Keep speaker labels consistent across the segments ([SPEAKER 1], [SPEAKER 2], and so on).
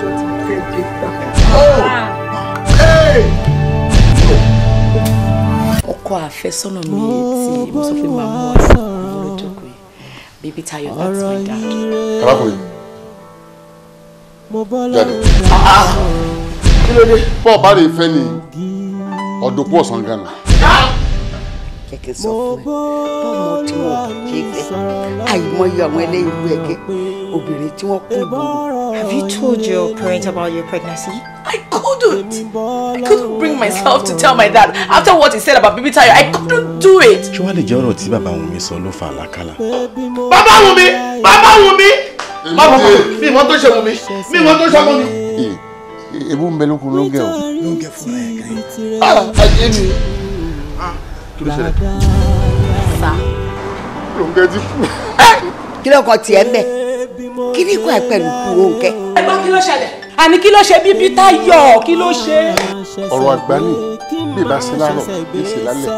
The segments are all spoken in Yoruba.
[SPEAKER 1] àjọ ti fẹ́ gbé gbà.
[SPEAKER 2] ọkọ àfẹ́sọ́nà mi tí mo sọ pé màá mú ọ lórí ìjókòó bíbí Táyọ̀ láti my dad. arákùnrin jáde ah, ah. kí ló dé pọ̀ bá lè fẹ́ ni ọ̀dọ̀ pọ̀ sàn
[SPEAKER 3] gánà
[SPEAKER 1] kẹ̀kẹ́ sọ fún ẹ bọ́ọ̀mù tí wọ́n kí
[SPEAKER 2] ẹ àìmọye àwọn ẹlẹ́yìn ìlú ẹ̀kẹ́ obìnrin tí wọ́n kú gbòòrò Have you told your parents about your pregnancy? I couldn't.
[SPEAKER 4] I couldn't bring myself to tell
[SPEAKER 2] my dad after what he said about baby Tayo. I couldn't do it.
[SPEAKER 3] Ṣé wàá lè jẹ́ ọ̀rọ̀ tí bàbá Wunmi far ló
[SPEAKER 2] Baba wumi, baba wumi, baba wumi. Bàbá Wunmi! Mi ìmọ̀ wumi. ṣe Wunmi! Mi
[SPEAKER 3] ìmọ̀ wumi. ṣe Ebu ń bẹ lókun ló o. Ló ń gẹ fún
[SPEAKER 5] ẹ kẹ́yìn. Ah, mi. Ah, ló ṣẹlẹ̀? Sá. Ló ń
[SPEAKER 2] gẹ ti kú. Eh! Kí ló kọ tiẹ̀ ń kí ni kò ẹ pẹ̀lú kúrò ń kẹ́. ẹ gbọ́ kí ló ṣẹlẹ̀ àní kí ló ṣe bíbí táyọ̀ kí ló ṣe.
[SPEAKER 3] ọ̀rọ̀ àgbà ni bí ìbá sí lárọ̀ bí sì lálẹ́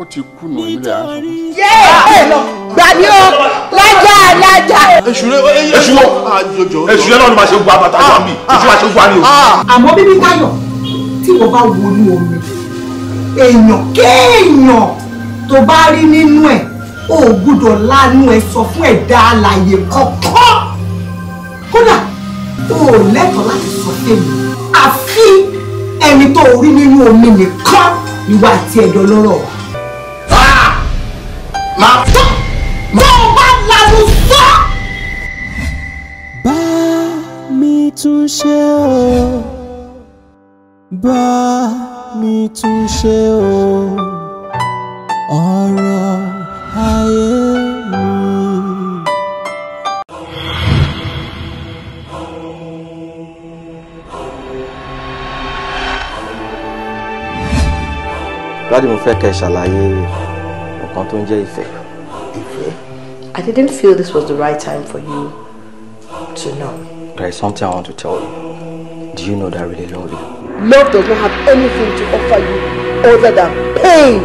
[SPEAKER 3] ó ti kùnà ilé àná.
[SPEAKER 2] yé ẹ gbàdí o lájà lájà. èṣùrẹ́
[SPEAKER 3] èṣùrẹ́ èṣùrẹ́ náà ni màá ṣe
[SPEAKER 2] gbọ́ àbàtà wà mí ah, èṣù màá ṣe gbọ́ àní o. Ah, ah. àmọ́ bíbí táyọ̀ tí mo bá wọnú omi èèyàn kéèyàn tó bá rí nínú ẹ̀ o ò gbúdọ̀ lánú ẹ sọ fún ẹ̀dá alàyè kọ̀ọ̀kan kódà o ò lẹ́tọ̀ọ́ láti sọ fèmí àfi ẹni tó rí nínú omi nìkan ìwà àti ẹ̀dọ̀ lọ́rọ̀ wa. máa o
[SPEAKER 4] bá mi tún ṣe o bá mi
[SPEAKER 1] tún ṣe láti
[SPEAKER 6] mo fẹ́ kẹ́ ṣàlàyé nǹkan tó ń jẹ́ ìfẹ́.
[SPEAKER 5] I didn't feel this was the right time for you to know.
[SPEAKER 6] There is something I want to tell you. Do you know that I really love you?
[SPEAKER 2] Love does not have anything to offer you
[SPEAKER 4] other than pain.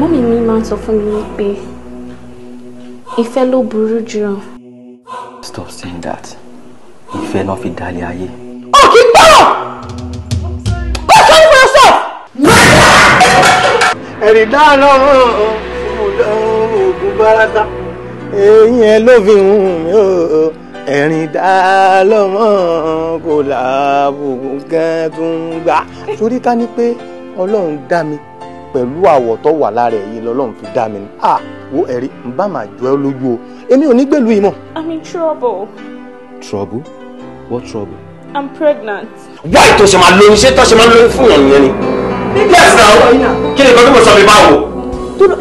[SPEAKER 4] Mọ́mí mi máa ń sọ fún mi pé ìfẹ́ ló burú jù.
[SPEAKER 6] stop saying that ìfẹ́ náà fi dalẹ̀ ayé. o
[SPEAKER 7] kì í gbọ́rọ̀ wọ́n sọ fún ọ̀sẹ̀. ẹ̀rì dáná oògùn barata
[SPEAKER 3] eyín ẹ ló fi hùn mí o ẹ̀rìn dá lọ́mọ kò láàbùkún gan tó ń gbà. torí ká ní pé ọlọ́run dá mi pẹ̀lú àwọ̀ tó wà lára ẹ̀yìn lọ́lọ́run fi dá mi ni. Ah! wo ẹ̀rí n bá máa
[SPEAKER 6] jọ ẹ lójú o èmi ò ní gbèlú yìí
[SPEAKER 4] i'm in trouble.
[SPEAKER 6] trouble? what trouble?
[SPEAKER 4] i'm pregnant.
[SPEAKER 2] wáyé
[SPEAKER 6] tó ṣe máa lóyún ṣé tó ṣe máa lóyún fún ìyànnìyàn ni.
[SPEAKER 4] yes
[SPEAKER 2] na kí ni kọ́kí mo sọ mi báwo.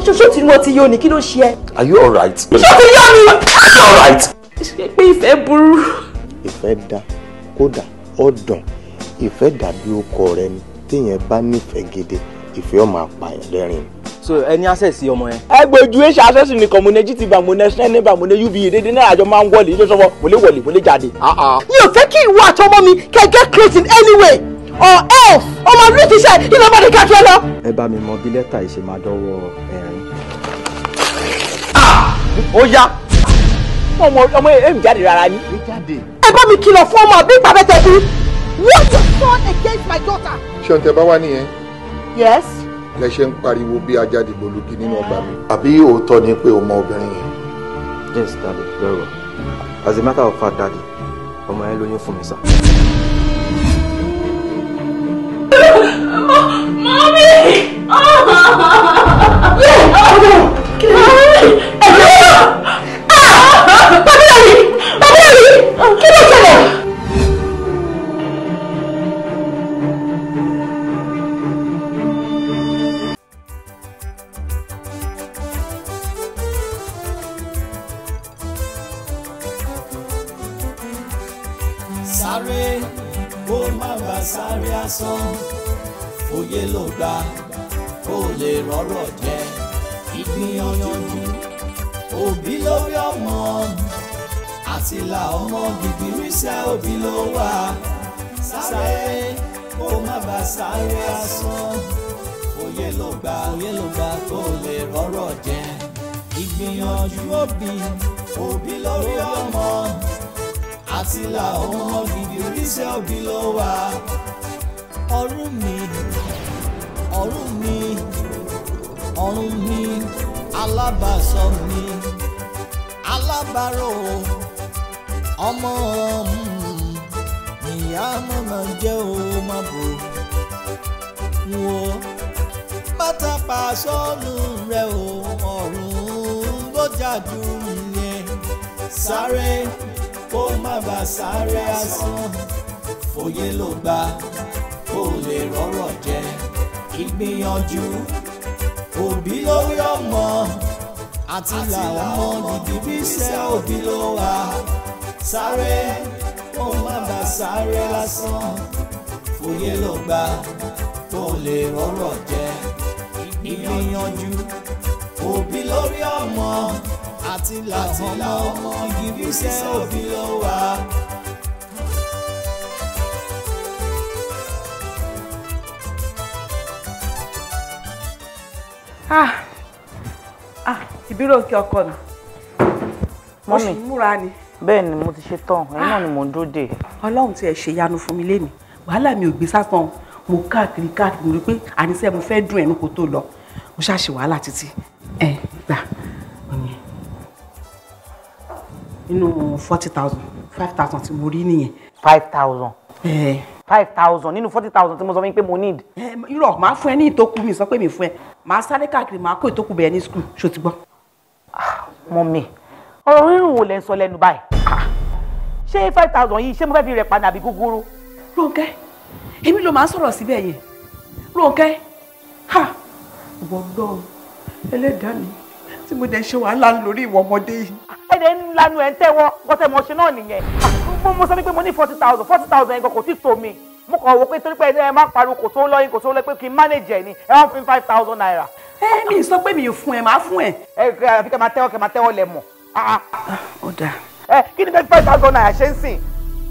[SPEAKER 2] ṣó tí wọ́n ti yọ ni kí ló ṣe ẹ́. are you alright. ṣó
[SPEAKER 3] ti
[SPEAKER 4] yọ ni. are you alright. pé ìfẹ́ burú.
[SPEAKER 2] ìfẹ́ da
[SPEAKER 3] kódà ọ̀dàn ìfẹ́ dàbí ọkọ rẹ ni téèyàn bá nífẹ̀ẹ́ gidi ìfẹ́ ọmọ apààyàn
[SPEAKER 6] lẹ́rìn. so ẹ ní ọmọ yẹn. ẹ gbójú ẹ ṣe access nìkan mo ní gtv
[SPEAKER 3] mo ní snap nígbà mo ní uba e, dédé náà àjọ máa ń wọlé ilé sọfọ mo lè wọlé mo lè jáde. mi ò fẹ́ kí
[SPEAKER 2] ìwọ àtọmọ mi kẹ́ get close in any way or else ọmọ mi ti ṣe iná bá ní ká tó lọ.
[SPEAKER 6] ẹ bá mi mọ bí lẹ́tà yìí ṣe máa dọ́wọ́ ẹ̀rín.
[SPEAKER 2] Ah! ó yá ọmọ ọmọ èmi jáde rárá ni. ẹ bá mi kìlọ̀ fún ọmọ àbí ìpàbẹ́tẹ̀ bí. what the fun against my daughter. ṣé o ń tẹ bá yes.
[SPEAKER 3] lẹ ṣe ń pariwo bí ajá dìbò lùkì nínú ọgbà mi. àbí òótọ́ ni pé o mọ obìnrin yẹn.
[SPEAKER 6] yes daddy very well as a matter of fact daddy ọmọ yẹn lóyún fún mi sá.
[SPEAKER 1] Ah! Kí ló ṣẹlẹ̀?
[SPEAKER 7] lásán òye ló gbà kó lè rọ́rọ̀ jẹ ìgbìyànjú òbí lórí ọmọ àti là ọmọ gidi ríṣẹ́ òbí ló wà sáré kó má bàa sáré asán òye ló gbà òye ló gbà kó lè rọ́rọ̀ jẹ ìgbìyànjú òbí òbí lórí ọmọ àti là ọmọ gidi ríṣẹ́ òbí ló wà ọ̀run mi ọ̀run mi ọ̀run mi alábàásọ mi alábàárò ọmọ mm, ìyá mọ̀nà jẹ́ o má bò wò bàtà pàṣọ́nù rẹ o ọ̀run ló jàdù yẹn sáré kó má bàa sáré asán fòye ló gbà ìgbìyànjú òbí lórí ọmọ àti làwọn ọmọ gidi bí iṣẹ́ òbí ló wà sáré ó má bà sáré lásán fòye ló gbà tó lè rọrọ jẹ ìgbìyànjú òbí lórí ọmọ àti làwọn ọmọ gidi bí iṣẹ́ òbí ló wà.
[SPEAKER 1] ah
[SPEAKER 4] ah ìbírò kí ọkọ mi.
[SPEAKER 1] mo sì
[SPEAKER 2] múra ni. bẹ́ẹ̀ ni mo ti ṣe tán ẹ̀yìn náà ah. ni mo ń dúró dè. ọlọ́run ti ẹ̀ ṣe ìyanu fún mi lénìí wàhálà mi ò gbé sásán mo káàkiri káàkiri rí pé àníṣe mo fẹ́ dùn ẹnu kó tó lọ mo ṣàṣe wàhálà títí
[SPEAKER 4] ẹ gbà ìyẹn
[SPEAKER 2] nínú forty thousand five thousand tí mo rí nìyẹn. five thousand. ẹ. Eh five thousand nínú forty thousand tí mo sọ fún yín pé mo need. Eh, irọ́ màá fún ẹ ní ìtókù mi sọ pé mi fún ẹ màá sáré káàkiri màá kó ìtókù bẹ̀rẹ̀ ní skul ṣó ti gbọ́. mọ ah, mi ọ̀rọ̀ rírun wo lẹ ń sọ lẹ́nu báyìí ṣé five thousand yìí ṣé mo fẹ́ fi rẹ̀ padà bí gúgúrú. Rónkẹ́ èmi ló máa ń sọ̀rọ̀ síbẹ̀ yẹn Rónkẹ́ ha ìwọ Ọlọ́run ẹlẹ́dàá mi tí mo dẹ̀ ṣe wàhálà lórí ìwọ ọmọdé yìí. ẹ̀dẹ̀ ńlanu ẹ̀ ń tẹ́wọ́ gọ́tẹ́mọṣẹ́ náà nìyẹn fún mo sọ pé mo ní forty thousand forty thousand nǹkan kò tí tó mi mo kàn wò pé torí pé ẹ máa ń pariwo kò tó lọ́yìn kò tó lọ́yìn pé kí n manage ẹ̀ ni ẹ wọ́n fi five thousand naira. ẹ mi sọ pé mi ò fún ẹ máa fún ẹ. ẹ àfi kẹ́ máa tẹ́wọ́ kẹ́ máa tẹ́wọ́ lẹ̀ mọ̀. Ah, ah. ah, ó dà. ẹ kí ni bẹ́ẹ̀ five thousand naira ṣe ń sìn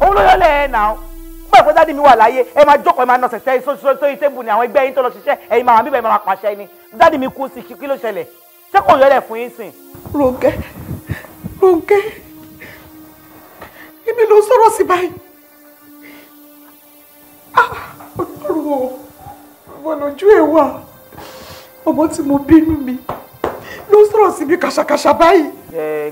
[SPEAKER 2] òun ló yọ lẹ́ẹ̀ náà nígbà pé dádì mi wà láyé ẹ máa jókòó ẹ máa nọ̀sẹ̀ sẹ́yìn sórí tébù ni àwọn ẹgbẹ́ yín tó lọ ṣiṣẹ́ ẹ̀yin máa wà bíbẹ̀ máa pàṣẹ ni dádì mi kú sí kí ló ṣẹlẹ̀ ṣé kò yọ lẹ̀ fún yín sìn.
[SPEAKER 4] Ronke Ronke èmi ló ń sọ̀rọ̀ sí báyìí ah, ọlọ́run o wọn lójú ẹ̀ wà ọmọ tí mo bínú mi
[SPEAKER 2] ló ń sọ̀rọ̀ sí mi kàṣàkàṣà báyìí.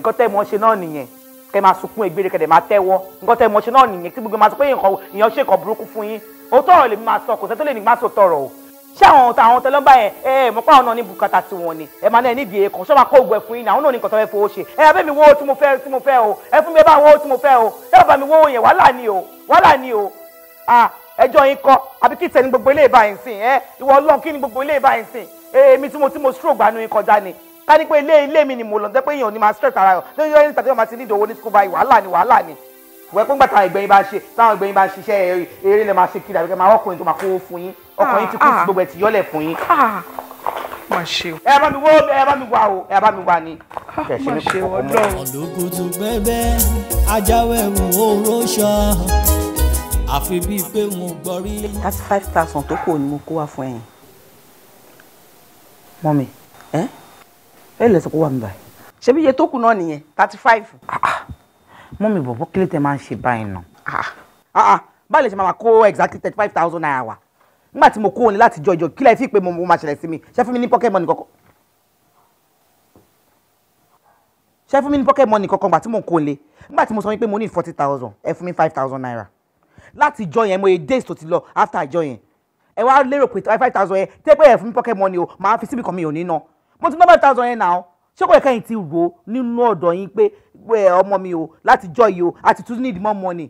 [SPEAKER 2] nǹkan tẹ́ ẹ mọ̀ ṣe náà nìyẹn kẹ́ máa sunkún egbére kẹ́ máa tẹ́wọ́ nǹkan tẹ́ ẹ mọ̀ ṣe náà nìyẹn tí gbogbo máa sọ pé èèyàn ṣe nǹkan burúkú fún yín òótọ́ ọ̀rọ̀ lèmi máa sọ kò sẹ́tọ́ lè ní máa sọ tọ̀rọ̀ o ṣé àwọn ọ̀tá àwọn tẹlọ́mbà yẹn ẹ ẹ mọ̀ pé àwọn náà ní bùkátà tí wọ́n ní ẹ máa náà nídìí èèkàn ṣọ́ba kó ògbẹ́ fún yín náà àwọn náà ní kọ̀tọ́ fẹ́ fowó ṣe ẹ abẹ́ mi tí mo fẹ́ tí mo fẹ́ o ẹ fún mi ẹ bá wó tí mo fẹ́ o ẹ bàbá mi wó yẹn wàhálà ni o wàhálà ni o à ẹjọ́ yín kọ́ àbí kí tẹ̀lé gbogbo ilé ìbáyìí sìn ẹ ìwọ ọlọ́run kí ni gbogbo ilé ìbáyìí sìn èmi tí mo tí mo stroke gbanú yín kọjá ni ká ní pé ilé ilé mi ni mo lọ jẹ́ pé èèyàn ò ní máa stress ara rẹ̀ lórí ẹni tàbí ọmọ ti ní ìdòwò ní sukùl báyìí wàhálà ni wàhálà ni wẹ́ pé gbàtà ìgbẹ̀yìn bá ṣe táwọn ìgbẹ̀yìn bá ṣiṣẹ́ eré lè máa ṣe kiri àbíkẹ́ máa ọkùnrin tó máa kó fún yín ọkùnrin ti kú sí gbogbo ẹ̀ ti yọ́lẹ̀ fún yín. Ah, ah. ẹ bá mi wo ẹ bá mi wá o ẹ bá mi wá ni. ọ̀dọ́kùtù bẹ́bẹ́ ajáwé wò ó rọ́ṣọ
[SPEAKER 7] àfi bíi pé mo gbọ́
[SPEAKER 2] thirty five thousand tó kù ni mo kó wá fún ẹ̀yin. mọ́mi ẹ ẹ lẹ́sìn kó wà mí báyìí. ṣé iye tó kù náà nìyẹn thirty five. Ah, mọ́mì bọ̀bọ̀ kílẹ̀ tẹ́ máa ń ṣe báyìí nà. báyìí lè ṣe máa kó exactly thirty five thousand naira wa nígbà tí mo kó òní láti jọjọ kílẹ̀ fi pé mo máa ṣẹlẹ̀ sí mi ṣe fún mi ní pocket money kọ̀ọ̀kan ṣe fún mi ní pocket money kọ̀ọ̀kan gbà tí mo kó òní nígbà tí mo sọ wípé mo ní forty thousand ẹ fún mi five thousand naira láti jọ yẹn mo yẹ days tó ti lọ after join. yẹn ẹ wá lérò pé five thousand yẹn tẹ́gbẹ́ yẹn fún mi pocket money o màá fi síbi kan mi ò ní ná mo ti ná five thousand yẹn náà ṣé kò yẹ kẹ́yìn ti rò nínú ọ̀dọ̀ yín pé ọmọ mi o láti jọ yìí o àti tún need more money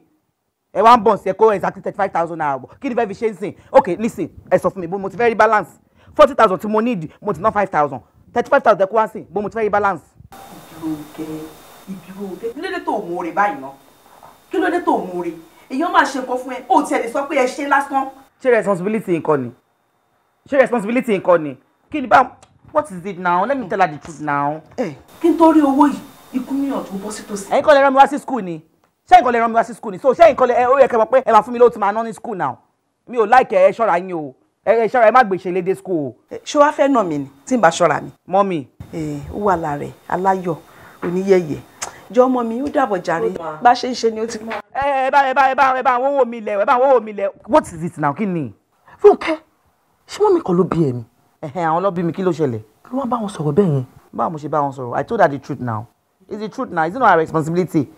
[SPEAKER 2] ẹ wá ń bọ̀ sí ẹ kó exactly thirty five thousand naira bọ̀ kí ni fẹ́ fi ṣe ń sìn ok listen ẹ sọ fún mi bó mo ti fẹ́ rí balance forty thousand tí mo need mo ti ná five thousand thirty five thousand ẹ kó wá sìn bó mo ti fẹ́ rí balance. ìdúró gẹ ìdúró gẹ kí ló dé tó mú rè báyìí ná kí ló dé tó mú rè èèyàn máa ṣe nǹkan fún ẹ ó tiẹ̀ lè sọ pé ẹ ṣe lásán. ṣé responsibility nǹkan ni ṣé responsibility nǹkan ni kí ni bá what is it now let me tell her the truth now. ẹ eh, kí n tó rí owó yìí ikú mi ọ̀tún bọ́ sí tòsí. ẹ̀yin kọ́ lè rán wá sí school ni ṣé ẹ̀yin kọ́ lè rán mi wá sí school ni so ṣé ẹ̀yin ó yẹ kẹ́ pé ẹ máa mi ò láìkẹ́ ẹ ṣọ́ra yín o ẹ ṣọ́ra ẹ má gbèsè lédè school o. ṣé wàá fẹ́ nà ni tí n bá ṣọ́ra mi. mọ́ mi. ẹ ó wà lára ẹ aláyọ̀ oníyẹ̀yẹ̀ jọ ọmọ mi ó dàbọ̀ jàre bá ṣe ń ṣe ni ó ti. ẹ bá ẹ bá ẹ bá ẹ bá wọ́wọ́ mi lẹ̀ ẹ bá wọ́wọ́ mi lẹ̀. what is it now kí ni. fúnkẹ́ ṣé mọ́mí kan ló bí ẹ mi. ẹ̀hẹ̀n àwọn ló mi kí ló ṣẹlẹ̀. ló wá bá wọn sọ̀rọ̀ bẹ́ẹ̀ yẹn. báwo mo ṣe bá wọn sọ̀rọ̀ i told her the truth now. Is the truth now it's not her responsibility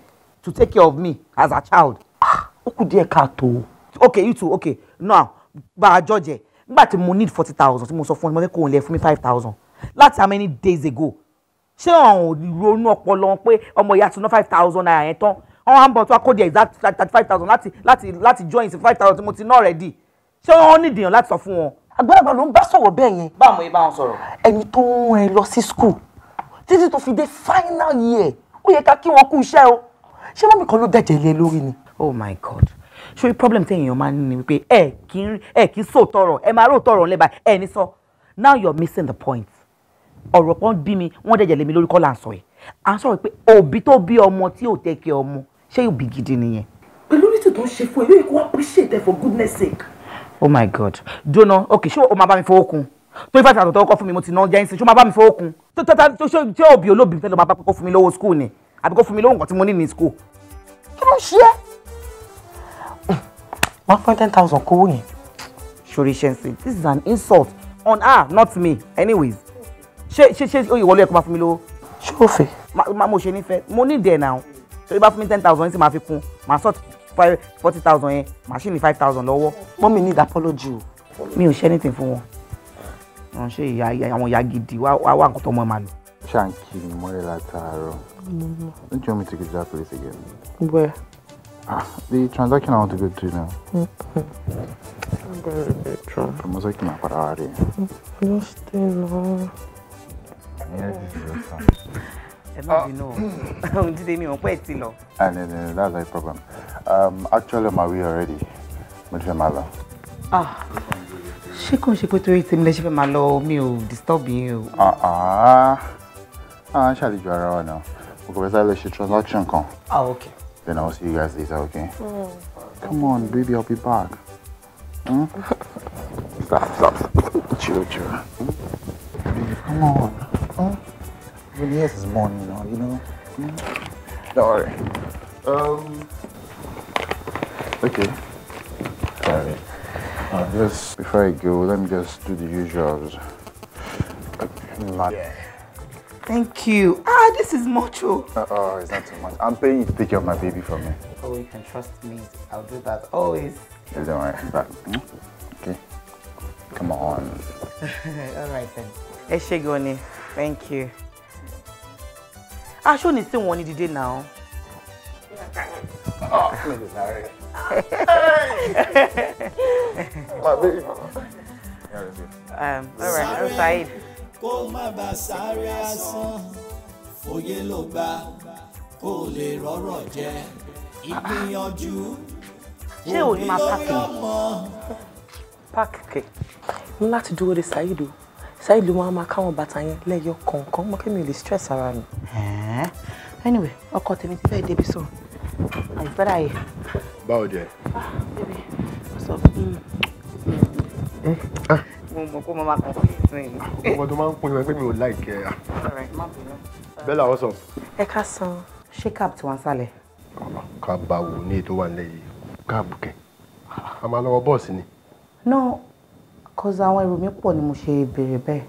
[SPEAKER 2] to take care of me as a child. Ah, ó kù díẹ̀ okay you too okay now bá George, jọ jẹ nígbà tí mo need forty thousand tí mo sọ fún ọ mo fẹ́ kó o lẹ fún mi five thousand láti how many days ago ṣé ọ̀hún ronú ọpọlọ pé ọmọ ìyá ti ná five thousand naira yẹn tán wọn wá ń bọ̀ tó akó di exact thirty five thousand láti láti láti join sí five thousand tí mo ti ná already ṣé wọn ní ìdèyàn láti sọ fún wọn. àgbàlagbà ló ń bá sọ̀rọ̀ bẹ́ẹ̀ yẹn. báwo ni bá wọn sọ̀rọ̀. ẹni tó ń rán ẹ lọ sí school títí tó fi dé final year ó yẹ ká kí wọn kú iṣẹ́ o ṣé mọ́mí kan ló dẹ̀jẹ̀ ilé lórí ni. oh my god ṣé problem tí èèyàn máa ń ní wípé ẹ kì í ẹ kì í sọ tọrọ ẹ máa rò tọrọ lẹ́ba ẹ ní sọ now you are missing the point ọ̀rọ̀ kan bí mi wọ́n dẹ̀jẹ̀ lé mi lórí kọ́lá àǹsọ̀ yìí à ń sọ̀rọ̀ pé òbí tó bí ọmọ tí ò tẹ́kẹ̀ ọmọ ṣé yóò bí gidi nìyẹn. pẹ̀lú rítì tó ń ṣe fún ẹ yóò kó appreciate ẹ for goodness sake. oh my god jóná ok ṣé o máa bá mi fowó kun tó ifá ìfàtọ̀ tó kọ́ fún mi mo ti ná jẹ́ǹsì ṣó máa bá mi fowó kun tó tó tó ṣe tí òbí olóbi fẹ́ lọ máa bá kó fún mi lówó skul ni àbí kó fún mi lówó nǹkan tí mo ní ní skul. kí ló hmm, ń ṣe é. one point ten thousand kówó yẹn. sori ṣẹ́ǹsì this is an insult on her not me anyways ṣé ṣé ṣé oyè wọlé ẹ̀ kó máa fún mi lówó. ṣé o fẹ́. máa mo ṣe nífẹ̀ẹ́ mo ní ìdẹ̀ náà tó ibà fún mi ten thousand sí máa fi kun máa sọ forty thousand yẹn màá ṣì ní five thousand lọ́wọ́. mọ́mí need apology o. mi ò ṣe anything fún wọn ránṣẹ́ ìyá àwọn ìyá gidi wá wá nǹkan tó mọ̀ máa lò.
[SPEAKER 3] ṣáǹkì ni mo rẹ̀ látàárọ̀ don't you want me to go to that place again.
[SPEAKER 2] where. ah
[SPEAKER 3] the transaction i want to go
[SPEAKER 1] to now. i'm very very drunk. ọmọ sọ kí n máa padà wá rí ẹ. just stay long. ìyá ti ti lọ sàn.
[SPEAKER 6] ẹ má bínú
[SPEAKER 2] o ohun dídé mi ò pẹ́ ti lọ.
[SPEAKER 3] ah no no that's my problem um, actually my away already mo ti fẹ́ máa lọ.
[SPEAKER 2] ah ṣé kò ń ṣe pé torí tèmi lẹ ṣe fẹ́ máa lọ mi ò disturb yín o.
[SPEAKER 3] àá à ń ṣàlejò ara wa náà mo kò fẹ́ sáré lọ ṣe transaction kan. ah okay. then I'll see you guys later okay.
[SPEAKER 1] Mm. come
[SPEAKER 5] on baby I'll be back. Hmm?
[SPEAKER 3] stop stop chill chill. baby come on. Hmm? Even yes is morning now you know.
[SPEAKER 4] Hmm? don't worry. Um,
[SPEAKER 3] okay. Sorry. I guess before I go, let me just do the usuals. Yeah.
[SPEAKER 2] Thank you. Ah, this is mucho. Uh oh, it's not too much.
[SPEAKER 3] I'm paying you to take care of my baby for me.
[SPEAKER 2] Oh, you can trust me. I'll do that
[SPEAKER 4] always. don't worry. But, hmm? okay. Come on.
[SPEAKER 2] All right then. Ẹ ṣé Thank you. I shouldn't wọ́n ní dìde now.
[SPEAKER 1] Oh, I'm sorry. My baby. Um, all right, outside.
[SPEAKER 7] Kó má bàa sáré asán, fòye ló gbà, kó lè rọ́rọ̀ jẹ, ìgbìyànjú,
[SPEAKER 1] òbí lórí ọmọ.
[SPEAKER 2] Páàkì kè, ní láti dúró de Saheed o, Saheed wọn a máa káwọn bàtà yẹn lẹ́yọ kọ̀ọ̀kan mọ́ kí mi lè stress ara mi. Anyway, ọkọ tèmi ti fẹ́ débi sọ̀rọ̀, àìpẹ́ láàyè
[SPEAKER 3] báwo jẹ. Ah, mm.
[SPEAKER 1] Mm. Ah. mo mọ̀ kó mo máa kàn fún ìsìn ni. ọmọ tó máa ń pin ìwé
[SPEAKER 3] pé mi bella what's up.
[SPEAKER 2] ẹ ká san ṣé cab tí wọ́n ń sálẹ̀.
[SPEAKER 3] Ah, cab báwo ní ètò wà nílẹ̀ yìí cab kẹ̀ a máa lọ́wọ́ bọ́ọ̀sì ni.
[SPEAKER 2] náà kọ́sà àwọn èrò mi pọ̀ ni mo ṣe béèrè bẹ́ẹ̀.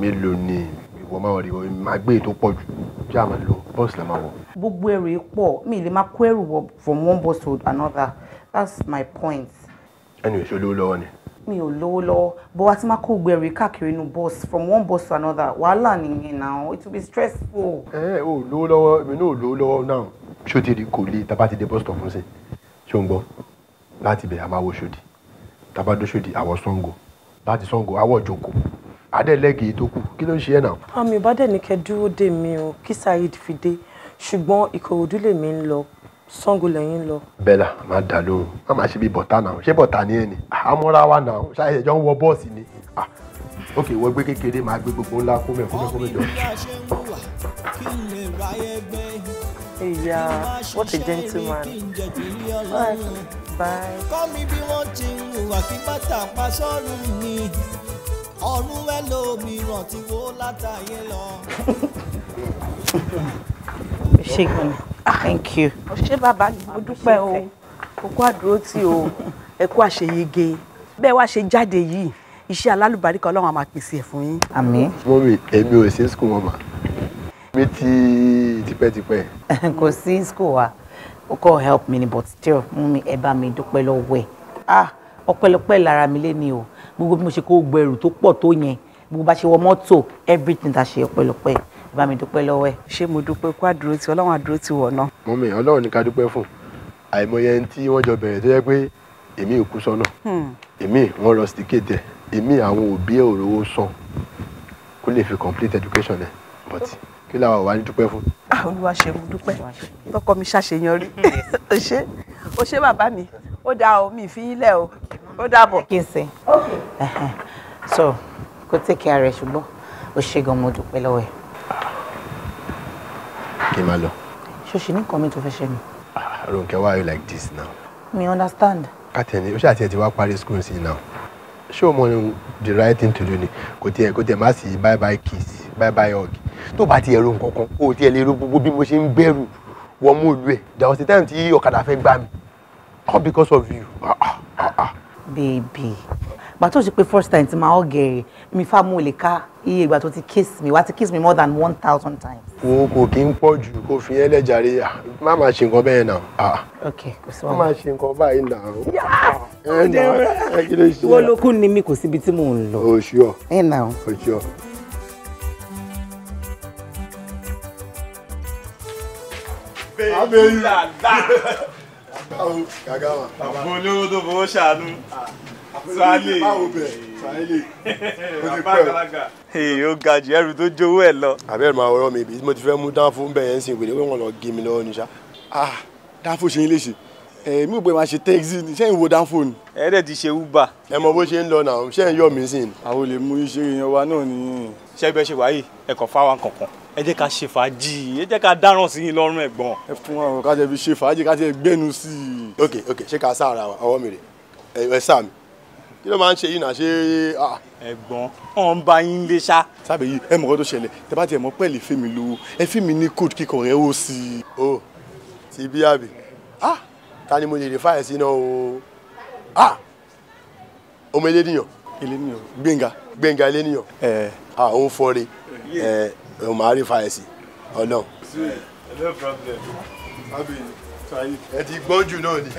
[SPEAKER 3] mélòó ni ìwọ máa wọ ìwọ máa gbé ètò pọ̀ jù bí a máa lọ bọ́ọ̀sì la máa wọ.
[SPEAKER 2] gbogbo ẹrù yìí mi lè máa kó ẹrù wọ from one bus to another that's my point.
[SPEAKER 3] ẹni ò ṣe olówó lọ́wọ́ ni.
[SPEAKER 2] mi ò lówó lọ́wọ́ bó wa ti máa kó gbẹrù káàkiri inú bus from one bus to another wàhálà nìyẹn náà it will be stressful. ẹ ẹ ò lówó lọ́wọ́ èmi náà ò lówó lọ́wọ́ náà
[SPEAKER 3] ṣó di kò lè tàbá ti dé bus stop fún sí ṣó ń gbọ́ láti bẹ̀ àmàwò ṣòdì tàbá dó ṣòdì àwọ̀ Ṣàngó láti Ṣàngó àwọ̀ Ìjókòó adẹ́lẹ́gì tó kù kí ló ń ṣe ẹ̀ náà.
[SPEAKER 2] àmì ah, ìbádẹ́ ní kẹ́ dúró dè mí o kí Saheed fi dé ṣùgbọ́n Ìkòròdú lèmi ń lọ Ṣàngó lẹ́yìn ń lọ.
[SPEAKER 3] bẹ́là má dà lóhùn má má ṣe bí bọ̀tà náà ṣé bọ̀tà ni ẹ̀ ni àmúra ah, wa náà ṣáà ẹ̀jọ̀ ń wọ bọ́ọ̀sì ni ah, ok wọ gbé kékeré máa gbé gbogbo ńlá kó mẹ́ kó mẹ́ kó mẹ́ jọ.
[SPEAKER 1] ìyá what a gentleman. bye.
[SPEAKER 7] kọ́ mi bí wọ́n ti ń wà kí bàtà pa sọ́rùn mi ọ̀run ẹlòmíràn ti wó látàyè lọ.
[SPEAKER 5] ṣé ah, thank you.
[SPEAKER 4] ṣé bàbá mo dúpẹ́ o kókó àdúró
[SPEAKER 2] tí o ẹ kú àṣeyege bẹ́ẹ̀ wá ṣe jáde yìí iṣẹ́ alálùbáríkà ọlọ́run á pèsè ẹ̀ fún yín. àmín. mọ́mí èmi ò sí skul mọ́mà mi ti tipẹ́tipẹ́. kò sí skul wa o kò help me but still mú mi ẹ bá mi dúpẹ́ lọ́wọ́ ẹ̀ ah ọpẹ́lọpẹ́ lára mi lé ni o gbogbo bí mo ṣe kó gbọ ẹrù tó pọ̀ tó yẹn gbogbo bá ṣe wọ mọ́tò everything ta ṣe ọpẹ́lọpẹ́ bá mi dúpẹ́ lọ́wọ́ ẹ̀. ṣé mo dúpẹ́ kó àdúró tí ọlọ́run àdúró tí wọ̀ náà.
[SPEAKER 3] mọ́mí ọlọ́run ní ká dúpẹ́ fún àìmọye ẹni tí wọ́n jọ bẹ̀rẹ̀ tó yẹ pé èmi ò kú sọ́nà hmm. èmi wọ́n lọ sítíkéètì ẹ̀ èmi àwọn òbí ẹ̀ òrówó sọ kó lè fi complete education ẹ̀ but kí làwọn ò wá ní dúpẹ́ fún.
[SPEAKER 2] Ah, olúwa ṣe mo dúpẹ́ tọkọ mi ṣàṣeyọrí ó ṣe ó ṣe bàbá mi ó dáa o mi fi ilẹ̀ o ó dàbọ̀. kí n so kó take care rẹ ṣùgbọ́n ó ṣe gan mo dúpẹ́ lọ́wọ́ ẹ. kí n máa she ṣòṣì come nǹkan mi tó
[SPEAKER 3] I don't care why you like this now.
[SPEAKER 2] Me understand.
[SPEAKER 3] kátẹ́ni ó ṣàtìyẹ ti wá parí school sí now Show o the right thing to do ni kò tiẹ̀ kò tiẹ̀ má sí bye bye kiss bye bye hug tó bá tiẹ̀ ro nǹkan kan o tiẹ̀ lè ro gbogbo bí mo ṣe ń bẹ̀rù wọ́n mú òlu ẹ̀ dàwọ̀ sí táyà tí ọ̀kadà fẹ́ gbá mi all because of
[SPEAKER 2] you. Ah, ah, ah, baby But tó ṣe first time ti my ọ gẹ̀rẹ̀ mi fá mú lè ká iye ìgbà tó ti kiss me wá ti kiss me more than one thousand times. wo kò kí
[SPEAKER 3] n pọ̀ jù kó fi ẹlẹ́jà rí à má máa ṣe nǹkan bẹ́ẹ̀ náà. ok kò sí wàhálà má máa ṣe nǹkan báyìí náà.
[SPEAKER 1] ẹ nà
[SPEAKER 2] ẹ ni mi kò síbi tí mò ń lọ. o ṣù ọ ẹ nà ọ.
[SPEAKER 3] o báwo gàgà wà. àbò olówó tó fowó ṣàánú sálẹ̀ báwo bẹ̀ sálẹ̀ ó ti pẹ́
[SPEAKER 1] o.
[SPEAKER 3] èyí ó ga jù ẹrù tó jowó ẹ lọ. àbẹ́rẹ́ máa wọ́rọ́ mi ibi mo ti fẹ́ mú dáńfó ń bẹ̀ yẹn sìn wèrè wọ́n lọ gé mi lọ́wọ́ ni ṣá. Ah, dáńfó ṣe ń léṣe èmi ò pé máa ṣe tẹ́gísì ni ṣẹ́yìn wo dáńfó ni. ẹ dẹ̀ ti ṣe uber. ẹ mọ bó ṣe ń lọ náà ṣẹ́yìn yọ̀ mí sìn. àwọn olè mú iṣẹ́ yẹn wa náà nìyẹn. ṣẹ́gbẹ́ ṣe wáyé ẹ̀kọ́ fáwọn kankan ẹ jẹ́ ká ṣe fàájì ẹ jẹ́ ká dáràn sí yín lọ́rùn ẹ̀gbọ́n. ẹ fún wa ká jẹ fi ṣe fàájì ká jẹ gbẹnu sí i. ok ok ṣé ká sá ara wa ọwọ́ mi rè ẹ ẹ sá mi kí ló máa ń ṣe yìí náà ṣe. ẹ̀gbọ́n ọ̀ ń ba yín lé ṣá. sábẹ̀ yìí ẹ mọ̀ ọ́ tó ṣẹlẹ̀ tẹ bá tiẹ̀ mọ̀ pẹ́ẹ́lì fèmí lówó ẹ fèmí ní kóòtù kíkọ rẹ̀ ó sí i. o ti bí àbí ah ta ni mo lè rí fáyẹ̀ sí náà o ah ọmọ eléníyàn. eléníyàn gbẹ̀ngà. gbẹ̀ngà ah òun fọ́ ẹ̀ máa rí fàyè sí ọlọ́run. no problem ẹ ti gbọ́n jù náà ni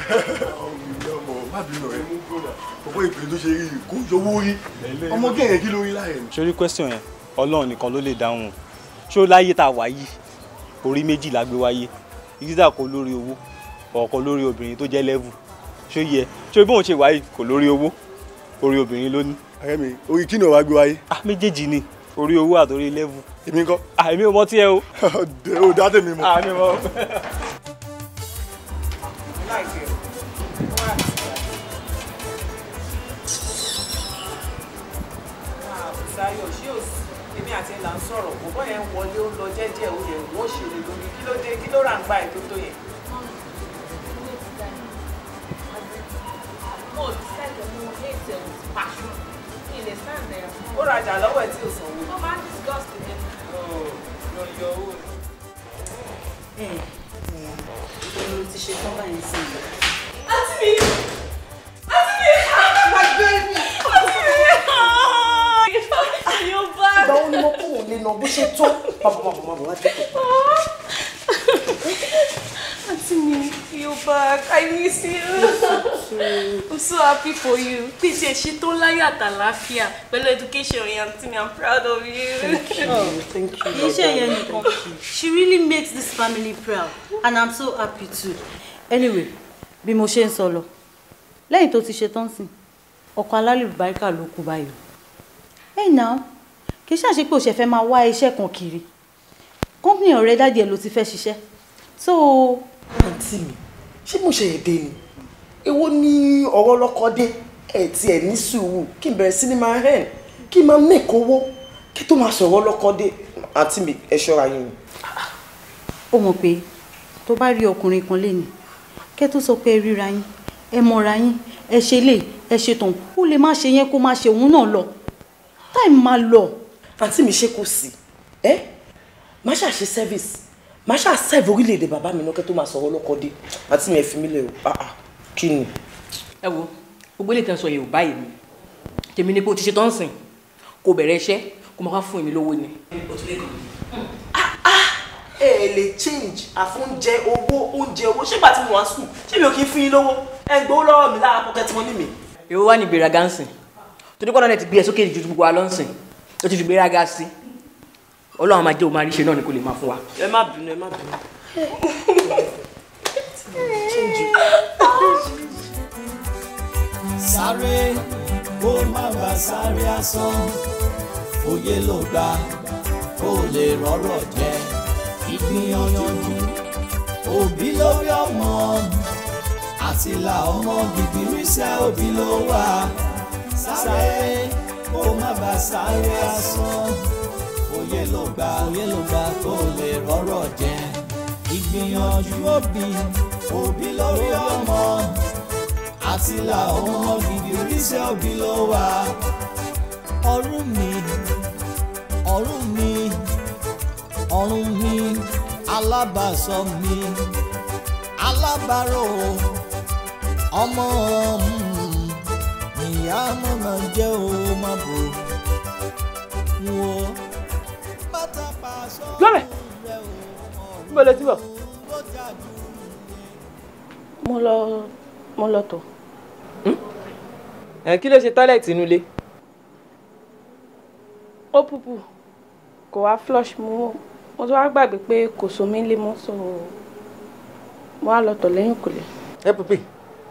[SPEAKER 3] ọmọ ìpè tó ṣe rí kó yọwọ́ rí ọmọ kẹ̀yìn kí ló rí láàyè. sórí question yẹn ọlọ́run nìkan ló lè dáhùn ṣó láyé tá a wá yìí orí méjì la gbé wáyé ìgbésà kò lórí owó ọ̀kọ̀ lórí obìnrin tó jẹ́ lẹ́vù ṣó yẹ ṣó bí òun ṣe wáyé kò lórí owó orí obìnrin ló ní. ọ̀rẹ́ mi orí kí ni ò wá gbé wáyé. ah méjèèjì ni orí owó àtòrí lẹ́vù. èmi kọ́. àìmí ò mọ tiẹ̀ o. o dá tèmi
[SPEAKER 1] mọ. àmì mọ.
[SPEAKER 2] Ṣayọ̀ ṣé o sì èmi àti ó rajà
[SPEAKER 7] lọ́wọ́ ẹ̀ tí ò sanwó.
[SPEAKER 2] ó máa ń disgust mi.
[SPEAKER 7] lọ yọ owó.
[SPEAKER 5] ẹ ẹ ìpinnu ti mi àti mi. àgbẹ̀ mi.
[SPEAKER 2] àti
[SPEAKER 4] mi. Auntie me, you're back. I miss you. I'm so happy for you. PJ, ṣe tó láyọ̀ àtàlàáfíà pẹ̀lú education yẹn,
[SPEAKER 5] Auntie me, I'm proud of you.
[SPEAKER 4] Thank you, oh,
[SPEAKER 1] thank you. Iṣẹ́ yẹn nìkan.
[SPEAKER 5] She really makes this family proud and I'm so happy too. Anyway, be motion solo. Let sọ lọ, lẹ́yìn tó ti ṣe tán sìn, ọkọ Hey now, kisha í ṣàṣepé òṣèfẹ́ máa wá iṣẹ́ kan kiri. Kọ́mpìnì ọ̀rẹ́ dájú ẹ̀ ló ti So àǹtí mi ṣé mo ṣe èdè ni èwo ni
[SPEAKER 2] ọ̀rọ̀ lọ́kọ dé ẹ̀ tí ẹ̀ ní sùúrù kí n bẹ̀rẹ̀ sí ní máa hẹ́n kí n máa mẹ́kọ̀ owó kí tó máa sọ̀rọ̀ lọ́kọ dé àǹtí mi ẹ ṣọ́ra yín ni.
[SPEAKER 5] ó mọ̀ pé tó bá rí ọkùnrin kan lẹ́nu kẹ́ tó sọ pé ẹ ríra yín ẹ mọ̀ra yín ẹ ṣe lè ẹ ṣe tàn ó lè má ṣe yẹn kó má ṣe òun náà lọ táì máa lọ. àǹtí mi ṣe kò sí ẹ má ṣàṣe service màá ṣáà
[SPEAKER 2] sẹ́ẹ̀fù orílẹ̀-èdè bàbá mi lọ́kẹ́ tó máa sọ̀rọ̀ ọlọ́kọ dé àti mi ẹ̀ fi mí lẹ̀ o ah, ah, kí ni. ẹ wo gbogbo ilé ìtẹ̀sọ̀ yìí ò báyìí mi tèmi ni pé o ti ṣe tán sìn kò bẹ̀rẹ̀ iṣẹ́ kò máa wá fún èmi lówó ni. ẹ ah, ẹ lè change àfúnjẹ owó oúnjẹ owó ṣé gbàtí mo wá sùn ṣé mi ò kí ń fún yín lówó ẹ ń lọ́wọ́ mi lára pocket money mi. èwo wá ní ìgbéraga ń sìn torí kọ́ńtà náà ti gbé ẹ sókè ju gbogbo alọ́ ń sìn ó ti fi ìgbéraga sí i ọlọ́run máa jẹ́ o máa rí ṣe náà ni kò lè máa fún wa. ẹ
[SPEAKER 6] má bínú ẹ má bínú.
[SPEAKER 7] sáré kó má bàa sáré asán òye ló gbà kó lè rọ́rọ̀ jẹ ìgbìyànjú òbí lórí ọmọ àti là ọmọ gidi ríṣẹ́ òbí ló wà sáré kó má bàa sáré asán òye ló gbà òye ló gbà kó lè rọ́rọ̀ jẹ ìgbìyànjú òbí òbí lórí ọmọ àti là ọmọ gidi oníṣẹ́ òbí ló wà ọ̀run mi ọ̀run mi ọ̀run mi alábàásọ mi alábàárò ọmọ mm, ìyá mọ̀nà jẹ́ o má bò wọ́n. Lọ́rẹ̀, níbo ló ti bọ̀? Mo lọ mo lọ tọ̀. Hmm?
[SPEAKER 6] Kí ló ṣe tọ́lẹ̀tì inú ilé?
[SPEAKER 4] Ó pupù, kò wá flush mú mo tún wá gbàgbé pé kò sómi lé mọ́ so mo wá lọ tọ̀ lẹ́yìn kùlẹ̀.
[SPEAKER 6] Ẹ pupì,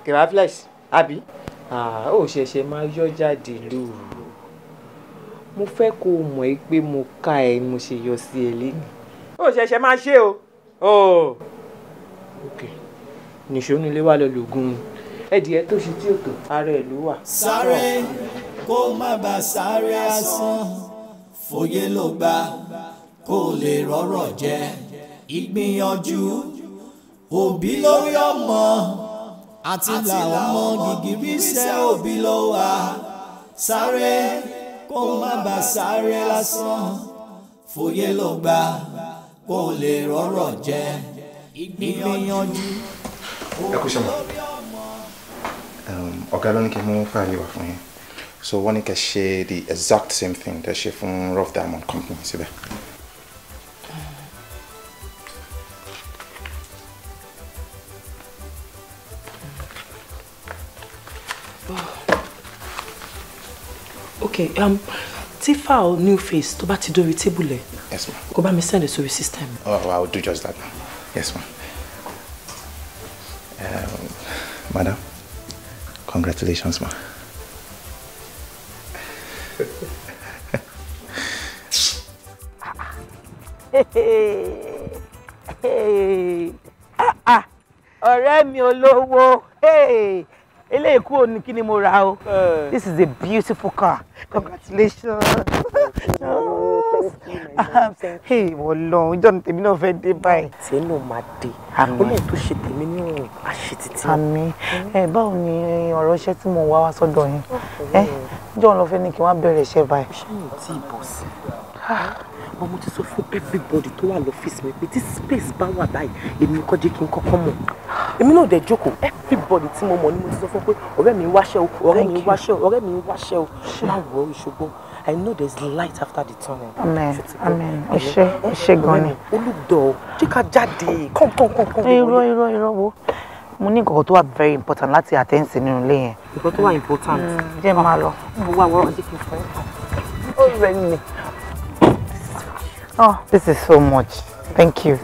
[SPEAKER 6] kìrà flash,
[SPEAKER 2] àbí? Ah, ó ṣẹ̀ṣẹ̀ máa yọ jáde lóru mo fẹ́ kó o mọ̀ pé mo ka ẹ mo ṣe yọ sí ẹ lẹ́nu. ó ṣẹ̀ṣẹ̀ máa ṣe o. ok nìṣó nílé wa lọ lògùn mu ẹdìyẹ tó
[SPEAKER 7] ṣe tí ò tó ara ẹ ló wà. sáré kó má bà sáré asán fòye ló gbà kó lè rọ́rọ̀ jẹ ìgbìyànjú òbí lórí ọmọ àti làwọn ọmọ gìgìrísẹ́ òbí ló wà sáré kó má bà sáré lásán fòye ló gbà kó lè rọ́rọ̀ jẹ ìgbìyànjú. ẹ kú sọmọ
[SPEAKER 3] ọ̀gá ló ní kí n mú fáìlì wá fún yín so wọ́n ní kẹ́ ṣe the exact same thing tẹ́ ṣe fún rough diamond company síbẹ̀.
[SPEAKER 4] okay um, Tifa,
[SPEAKER 2] fáwọn new face To bá ti dórí tébùlẹ̀ yes ma'am. kó bá me send it sórí system.
[SPEAKER 3] oh i will do just that now yes ma'am. Um, madam congratulations ma'am.
[SPEAKER 4] Hey,
[SPEAKER 2] hey, ah, ah, ọ̀rẹ́ mi olówó ẹ kúrò ní kí ni mo ra o eh. this is a beautiful car congratulations ọlọ́run ìjọ ni tèmi náà fẹ́ dé báyìí. tí ló máa dé ó lè tó ṣe tèmi ní òun àṣẹ títí. àmín ẹ hmm. eh, báwo ni eh, ọ̀rọ̀ iṣẹ́ tí mo wá wá sọ́dọ̀ yín ẹ jọ̀ọ́ lọ fẹ́ ní kí wọ́n á bẹ̀rẹ̀ báyìí. ṣé mi ò tí ì bọ̀ sí i. Ah mo ti sọ fún everybody tó wà lọ́fíìsì mi pé tí space bá wà báyìí èmi kọ́ jẹ́ kí n kọ́kọ́ mọ̀ èmi náà dẹ̀ jókòó everybody tí mo mọ̀ ni mo ti sọ fún pé ọ̀rẹ́ mi wáṣẹ́ o ọ̀rẹ́ mi wáṣẹ́ o ọ̀rẹ́ mi wáṣẹ́ o má wọ̀ I know there is light after the tunnel. Amen. Amen. Ẹ ṣé ẹ ṣé gan ni. Olùdọ̀ jẹ́ jáde come come come come. Irọ́ irọ́ irọ́ wo mo ní nǹkan tó wà very important láti attend sí nínú ilé yẹn.
[SPEAKER 7] Nǹkan tó wà important. Mm, jẹ́ máa lọ. Mo wá wọ́n ọdún fún ẹ̀. Ó rẹ̀ mí. Oh,
[SPEAKER 2] this is so much. Thank you.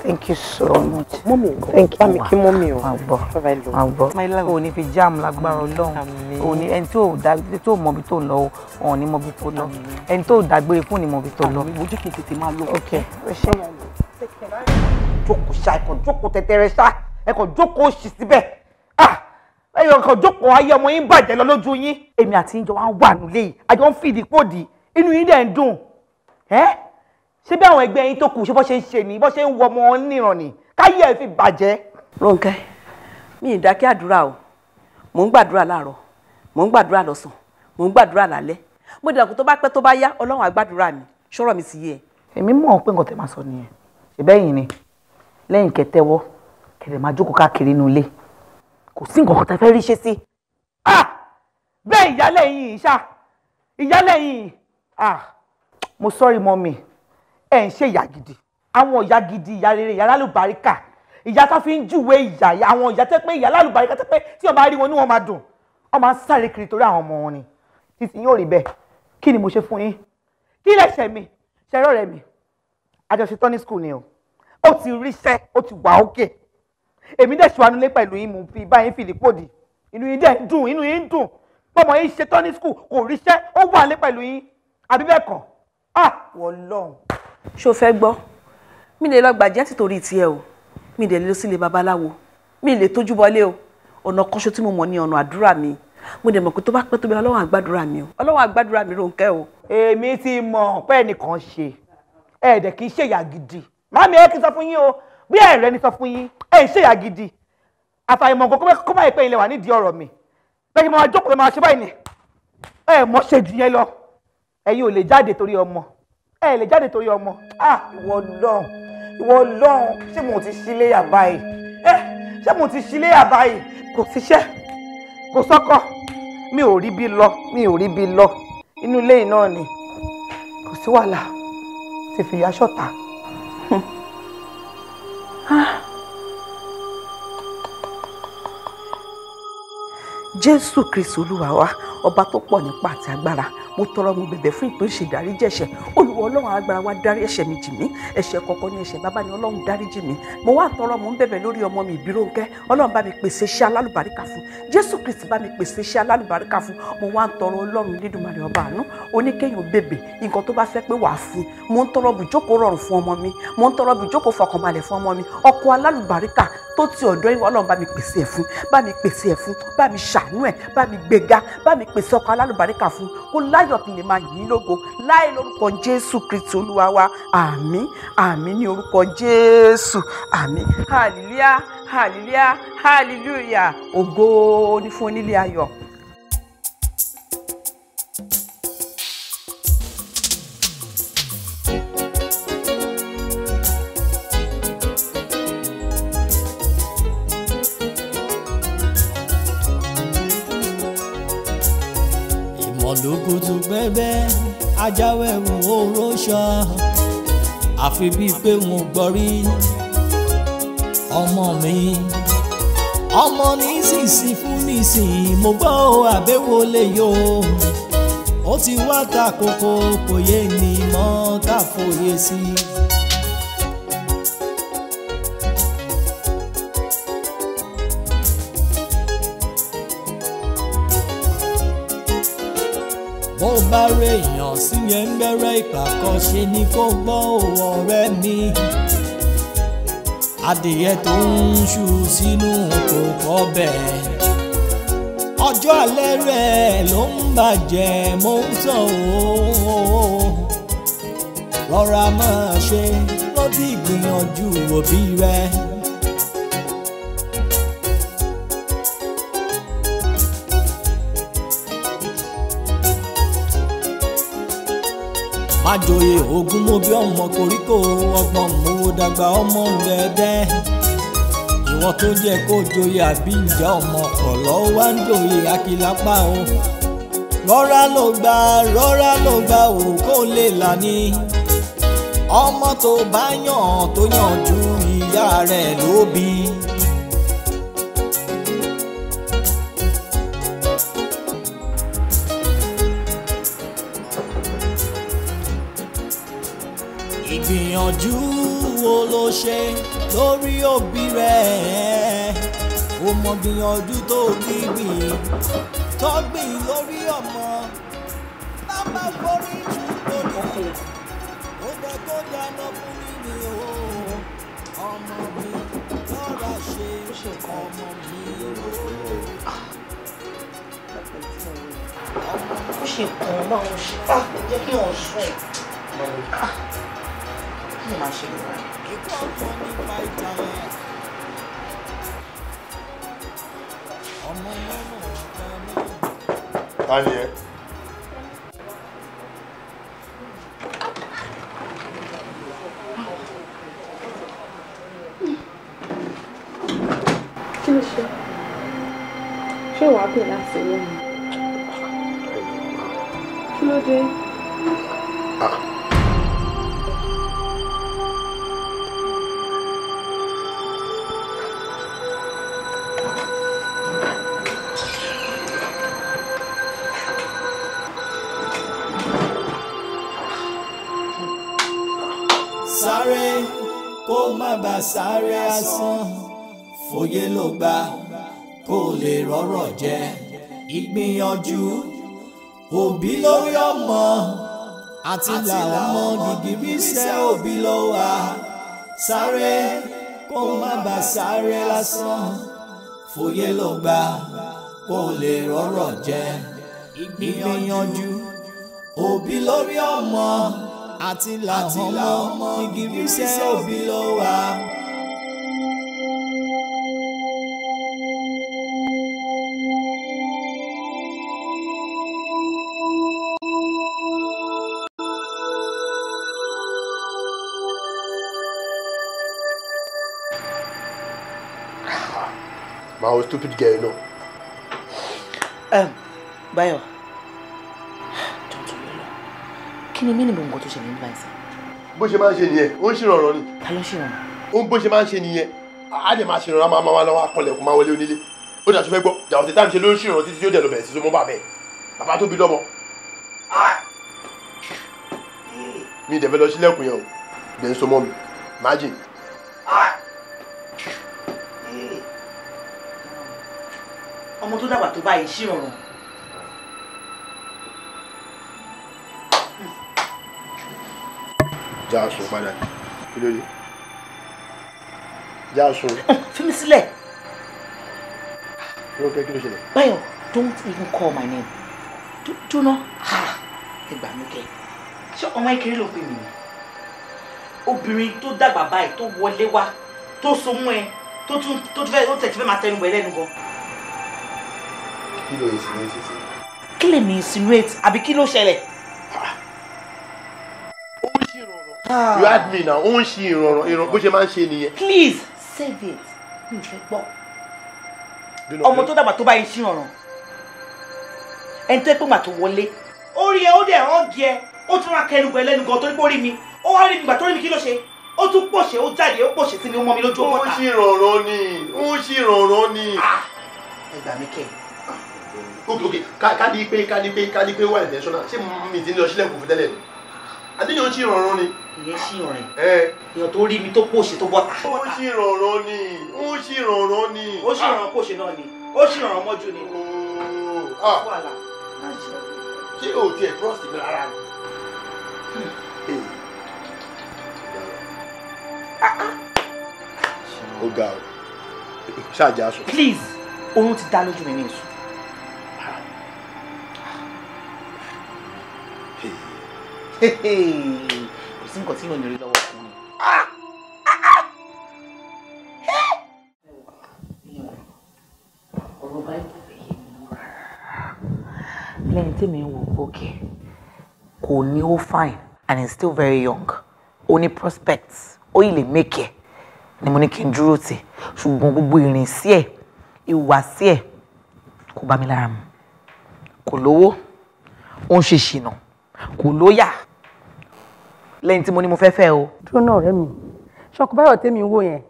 [SPEAKER 2] Thank you so much. Mọ́mí
[SPEAKER 4] Thank you. Bámi kí mọ́mí o.
[SPEAKER 2] Màá gbọ́. My love. oni ní fi jam lágbára Ọlọ́run. O ní ẹni oni ò dá tí ò mọbi tó lọ o, òun ní mọbi tó lọ. Ẹni tó dágbére fún ni mọbi tó lọ. Àmì ojú kì í tètè máa lọ. Ok. Jókòó ṣá ẹ̀kọ́ jókòó tẹ̀tẹ̀rẹ̀ ṣá ẹ̀kọ́ jókòó ṣì síbẹ̀. Ah! Ẹyọ kan jókòó ayé ọmọ yín bàjẹ́ lọ lójú yín. Èmi àti ìjọ wa wà nílé yìí, àjọ ń fìdí pòdì, inú yín dẹ̀ ń dùn ṣé bí àwọn ẹgbẹ́ yín tó kù ṣé bó ṣe ń ṣe ni bó ṣe ń wọ ọmọ níran ni káyé ẹ̀ fi bàjẹ́. Rónkẹ́ mi ì dákẹ́ àdúrà o mò ń gbàdúrà láàárọ̀ mò ń gbàdúrà lọ́sàn mò ń gbàdúrà lálẹ́ mo dìdàkùn tó bá pẹ́ tó bá yá Ọlọ́run á gbàdúrà mi ṣọ́rọ̀ mi sì yé ẹ. èmi mọ̀ pé nǹkan tẹ́ máa sọ nìyẹn ìbẹ́yìn ni lẹ́yìn kẹtẹ́wọ́ kẹ̀lẹ́ máa jókòó káàkiri inú ilé kò sí nǹkan kan fẹ́ rí ṣe sí. bẹ́ẹ̀ ìyálẹ̀ yìí ṣá ìyálẹ̀ yìí mo sorry mommy ẹ̀ ń ṣe ìyá gidi àwọn ìyá gidi ìyá rere ìyá lálùbáríkà ìyá tó fi ń júwe ìyá àwọn ìyá tẹ́ pé ìyá lálùbáríkà tẹ́ pé tí wọ́n rí wọn ní wọn máa dùn wọ́n máa ń sáré kiri torí àwọn ọmọ wọn ni títí yín rí bẹ́ẹ̀ kí ni mo ṣe fún yín kí lẹ́sẹ̀ mi ṣẹ̀rọ̀ rẹ̀ mi àjọṣe tán ní school ni o ó ti ríṣẹ́ ó ti wà ókè èmi dẹ̀ ṣùwánú lé pẹ̀lú yín mú fi báyìí fìlípò dì inú yín dẹ̀ ń dùn inú yín ń dùn pọ́mọ yín ṣe tán ní school kò ríṣẹ́ ó wà lé pẹ̀lú yín àbí bẹ́ẹ̀ kọ́ ah wọ́n lọ́hùn ṣó fẹ́ gbọ́ mi lè lọ gbàjẹ́ tìtorí tiẹ̀ o mi lè lọ sílé babaláwo mi lè tójú bọlé o ọ̀nà kan ṣo tí mo mọ̀ ní ọ̀nà àdúrà mi mo dẹ̀ mọ̀ pé tó bá pẹ́ tó bẹ́ẹ̀ ọlọ́wọ́n àgbàdúrà mi o ọlọ́wọ́n àgbàdúrà mi Rónkẹ́ o. èmi ti mọ̀ pé ẹnìkan ṣe ẹ̀ẹ́dẹ̀ kì í ṣèyà gidi màmí ẹ kì í sọ fún yín o bí ẹ̀rẹ́ ni sọ fún yín ẹ̀ ń ṣèyà gidi àfàìmọ̀ nǹkan kó má ìpẹ́ ilẹ̀ wà nídìí ọ̀rọ̀ mi bẹ́ẹ̀ ni mo máa jókòó máa ṣe báyìí ni ẹ̀ mọ́ ṣe jù lọ ẹ̀yin ò lè jáde torí ọmọ ẹ lè jáde torí ọmọ. ah ìwọ lọ́hùn ìwọ lọ́hùn ṣé mo ti ṣílé yàbá yìí ẹ eh, ṣé mo ti ṣílé yàbá yìí kò síṣẹ́ kò sọ́kọ̀ mi ò rí bí lọ mi ò rí bí lọ inú ilé yìí náà ni kò sí wàhálà ti fìyà ṣọ̀tá. Hmm. Ah. jésù kristu olúwa wa ọba tó pọ̀ nípa àti agbára mo tọrọ mo bẹ̀bẹ̀ fún ìpín ìṣèdáríjì ẹ̀ṣẹ̀ olùwọ ọlọ́run agbára wa dárí ẹ̀ṣẹ̀ mi jì mí ẹ̀ṣẹ̀ kọ̀ọ̀kan ní ẹ̀ṣẹ̀ bàbá ni ọlọ́run dáríjì mí mo wá tọrọ mo ń bẹ̀bẹ̀ lórí ọmọ mi ìbírónkẹ́ ọlọ́run bá mi pèsè iṣẹ́ alálùbáríkà fún jésù kristi bá mi pèsè iṣẹ́ alálùbáríkà fún mo wá ń tọrọ ọlọ́run nídùmarè ọba àánú oníkéyàn bèbè nǹkan tó bá fẹ́ pé wàá fún mo ń tọrọ bùjókòó rọrùn fún ọmọ mi mo ń tọrọ bùjókòó fọkànbalẹ̀ fún ọmọ mi ọkọ alálùbáríkà tó ti ọ̀dọ̀ ìwọ ọlọ́run bá mi pèsè ẹ̀ fún bá mi pèsè ẹ̀ fún bá mi ṣàánú ẹ̀ bá mi gbéga bá mi pèsè ọkọ alálùbáríkà fún kó láyọ̀ kí lè máa yìn lógo láì lórúkọ jésù kristi olúwa wa àmín àmín ní orúkọ jésù àmín
[SPEAKER 4] hallelujah hallelujah hallelujah
[SPEAKER 2] ògo ni fún onílé ayọ̀.
[SPEAKER 7] ajáwé wò ó róṣọ àfi bíi pé mo gbọ́ rí ọmọ mi ọmọ nísinsìnyí fún nísinsìnyí mo gbọ́ àbẹ̀wò lè ó ti wá ta kókó kò yé ni mọ́ ká sí i. bá rèèyàn sí yẹn ń bẹ̀rẹ̀ ìpàkọ́ṣe ni kò gbọ́ òwò ọ̀rẹ́ mi adìyẹ tó ń ṣú sínú kò kọ́ bẹ́ẹ̀ ọjọ́ alẹ́ rẹ̀ ló ń bàjẹ́ mo ń sọ òun rọra máa ṣe lọ́dí ìgbìyànjú òbí rẹ̀. àjòyè ogun mo bí ọmọ koríko ọgbọ́n mo dàgbà ọmọ rẹ̀dẹ́ ìwọ tó jẹ́ kó joyè àbí ìjà ọmọ ọ̀lọ́ wá ń joyè akílápá o rọ́rá ló gbà rọ́rá ló gbà o kó lè là ọmọ tó bá yàn tó yàn ju
[SPEAKER 1] ìyá rẹ̀ ló
[SPEAKER 7] ìgbìyànjú wo ló ṣe lórí òbí rẹ̀ ó mọ gbìyànjú tó gbìgbì tọ́gbìn lórí ọmọ bàbá forí jù lórí ó bẹ kó dáná fún mi ni o ọmọ mi lọ́ra ṣe ọmọ mi o.
[SPEAKER 1] ó ṣe kàn án báwọn ṣe jẹ́ kí wọ́n
[SPEAKER 2] sùn ló máa ṣe lọ́wọ́.
[SPEAKER 3] ta ẹ.
[SPEAKER 4] kí ló ṣe ṣé wàá bẹ̀ láti wọ́n mi kí ló dé. Ah.
[SPEAKER 7] sáré asán fòye ló gbà kó lè rọ́rọ̀ jẹ ìgbìyànjú òbí lórí ọmọ àti làwọn ọmọ gìgìrísẹ́ òbí ló wà sáré kó má bà sáré lásán fòye ló gbà kó lè rọ́rọ̀ jẹ ìgbìyànjú òbí lórí ọmọ àti làwọn ọmọ igi bíṣẹ́ òbí ló wà.
[SPEAKER 3] stupid wo stupid girl
[SPEAKER 2] náà. Báyọ̀. kí ni mínìmù nǹkan tó ṣẹlẹ̀ nígbà ẹ̀sẹ̀.
[SPEAKER 3] bó ṣe máa ń ṣe nìyẹn ó ń ṣèrànràn ni. ta ló ṣèrànràn. ó bó ṣe máa ń ṣe nìyẹn á dẹ̀ máa ṣèrànràn máa máa lọ́wọ́ akọlẹ̀kùn máa wọlé onílé ó dàtú fẹ́ gbọ́ dàwọn ti táàmì ṣe ló ṣèrànràn títí yóò dẹ̀ lọ bẹ̀rẹ̀ sí sọmọ́ bàbẹ́ bàbá tó bí lọ́mọ. mi dẹ̀ lọ sílẹ̀kùn yẹn o dẹ̀ ń sọmọ́ mi májì.
[SPEAKER 2] ọmọ tó dàgbà tó báyìí ṣèrànràn
[SPEAKER 3] já aṣọ padà kí ló dé
[SPEAKER 2] já fi mi sílẹ̀. ló kẹ́ kí ló ṣẹlẹ̀. Báyọ̀ don't even call my name dúnà ẹ gbà mí kẹ́ ṣé ọmọ ìkéré ló ń pè mí ni obìnrin tó dàgbà báyìí tó wọlé wá tó so mú ẹ tó tún tó tún fẹ́ tó tẹ̀sí máa tẹnu wẹ̀ lẹ́nu gan. kí ló insinuate. kí lèmi insinuate àbí kí ló ṣẹlẹ̀. Ah. you had me now ó ń ṣe ìrànràn ìràn bó ṣe máa ń ṣe nìyẹn. please save it mi ò fẹ́ gbọ́ ọmọ tó dàgbà tó bá yẹn ṣìrànràn ẹni tó yẹ pé màá tó wọlé. ó rí ẹ ó dẹ̀ ọ́ gí ẹ ó tún wá kẹnu gbẹ lẹ́nu gan torí pé ó rí mi ó wá rí mi gbà tó rí mi kí ló ṣe ó tún pòṣe ó jáde ó pòṣe sí mi ó mọ mi lójú ọmọ ta. ó ń ṣìrànràn ni ó ń ṣìrànràn ni. Ah! ẹ gbà mí kẹ́
[SPEAKER 3] ok ok ká ní pé ká ní pé ká ní pé wà intentional ṣé mi ti ní lọ sílẹ̀kùn fún tẹ́lẹ̀ ni àdéhùn ṣì rọrùn ni. ìyẹn ṣì rìn. èèyàn tó rí mi tó pòṣe tó bọ́ta. ó ṣì rọrùn ni ó ṣì rọrùn ni. ó ṣì rọrùn pòṣe náà ni ó ṣì rọrùn mọ́jú ni. Ah. ṣé o tiẹ̀ trust mi rárá ni. ó ga ọ ṣáàjà sùn. please
[SPEAKER 2] oorun ti dá lójú mi ní ìsùn. kò sí nǹkan tí yóò nírí lọ́wọ́ fún mi. ọ̀rọ̀ báyìí kò fẹ́ yé mi rárá. lẹ́yìn tí mi ń wò gbókè kò ní ó fine and he's still very young ó ní prospects ó yìí lè make ni mo ní kí n dúró tì ṣùgbọ́n gbogbo ìrìn sí ẹ̀ ìwà sí ẹ̀ kò bá mi lára mu kò lówó ó ń ṣe ṣìnà kò lóyà lẹ́yìn tí mo ní mo fẹ́ fẹ́ o. dúró náà ọ̀rẹ́ mi ṣọkọ báyọ̀ tèmi ń wò yẹn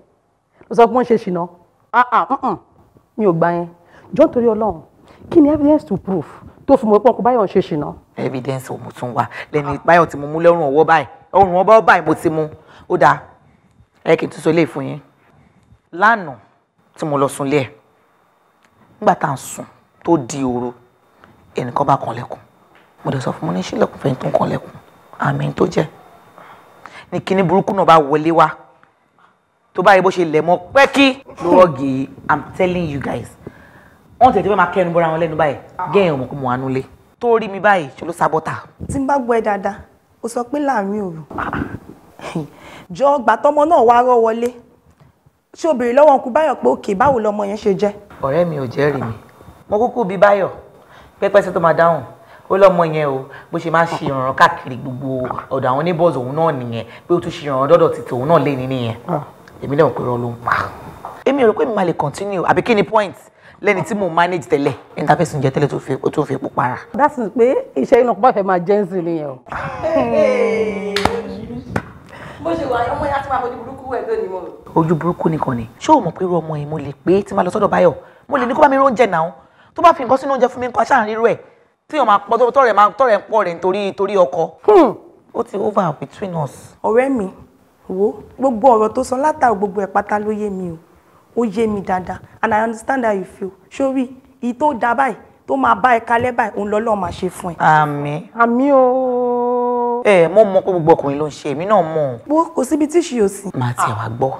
[SPEAKER 2] ló sọ pé wọ́n ṣe ṣìnà ah, ah, mi ò gbà yẹn jọ́ torí ọlọ́run kí ni evidence to prove tó fi mọ̀ pé ọkọ báyọ̀ ṣe ṣìnà. evidence ò mú tún wá lẹ́ni báyọ̀ tí mo mú lọ́rùn ọwọ́ báyìí ọrùn ọwọ́ báyìí mo ti mú ó dáa ẹ kì í tún so lè fún yín lánàá tí mo lọ sunlé ẹ̀ nígbà tá à ń sùn tó di òru ẹnìkan bá kan lẹ́kùn mo dẹ̀ sọ fún mo ní ṣílẹ̀kùn fẹ́ni tó ń kan lẹ́kùn àmì tó jẹ́ ní kíní burúkú náà bá wọlé wá tó báyìí bó ṣe lẹ̀ mọ́ pẹ́kí ló rọ́ọ̀gì i'm telling you guys wọ́n tètè fẹ́ máa kẹ́nu bọ́ra wọn lẹ́nu báyìí gẹ́yìn ọmọ kò mọ̀ lé tó rí mi báyìí ṣe ló sábọ́tà. tí n bá gbọ́ ẹ dáadáa o sọ pé láàrin òru ah. jọ ọgbà tọmọ náà wá rọ wọlé ṣé o lọ́wọ́ ọkù báyọ̀ pé òkè báwo lọ́mọ yẹn ṣe jẹ́. ọ̀rẹ́ mi ò jẹ́rìí mi mo kúkú bí báyọ̀ pẹ́pẹ́sẹ́ tó máa dáhùn ó lọ́mọ yẹn o bó ṣe máa ṣe ìrànràn káàkiri gbogbo ọ̀dọ̀ àwọn neighbors òun náà nìyẹn pé ó tún ṣe ìrànràn dọ́dọ̀ títí òun náà lé ní nìyẹn ah. èmi lẹ́wọ̀n pé irọ́ ń pa. èmi rò pé mi máa lè continue àbí kí ni point lẹ́ni tí mo manage tẹ́lẹ̀ interface jẹ́ tẹ́lẹ̀ tó tún fi epo para. that's pé iṣẹ́ iná pọ̀ fẹ́ máa jẹ́ ń sìn nìyẹn o.
[SPEAKER 5] bó ṣe wà ọmọ yẹn á ti máa fojú burúkú ni mo.
[SPEAKER 2] ojú burúkú nìkan ni ṣé o mọ̀ pé irú ọmọ yẹn mo lè pé tí máa lọ sọ́dọ̀ báyọ̀ mo lè ní kó bá mi róúnjẹ náà tó bá fi nǹkan sínú oúnjẹ fún mi nǹkan aṣáà ń ẹ̀ téèyàn máa pọ tọrẹ máa tọrẹ ń pọ rẹ nítorí torí ọkọ. Hmm. ó ti over between us. ọ̀rẹ́ mi wo gbogbo ọ̀rọ̀ tó sọ látàrí gbogbo ẹ̀ pátá ló yé mi o ó yé mi dáadáa and I understand how you feel sórí ìyí tó da báyìí tó máa bá ẹ kalẹ̀ báyìí òun lọ́lọ́ máa ṣe fún ẹ. àmín. àmín o. ẹ eh, mo mọ pé gbogbo ọkùnrin ló ń ṣe èmi náà mọ. wo kò síbi tí ṣì yóò sí. màá tiẹ̀ wá gbọ́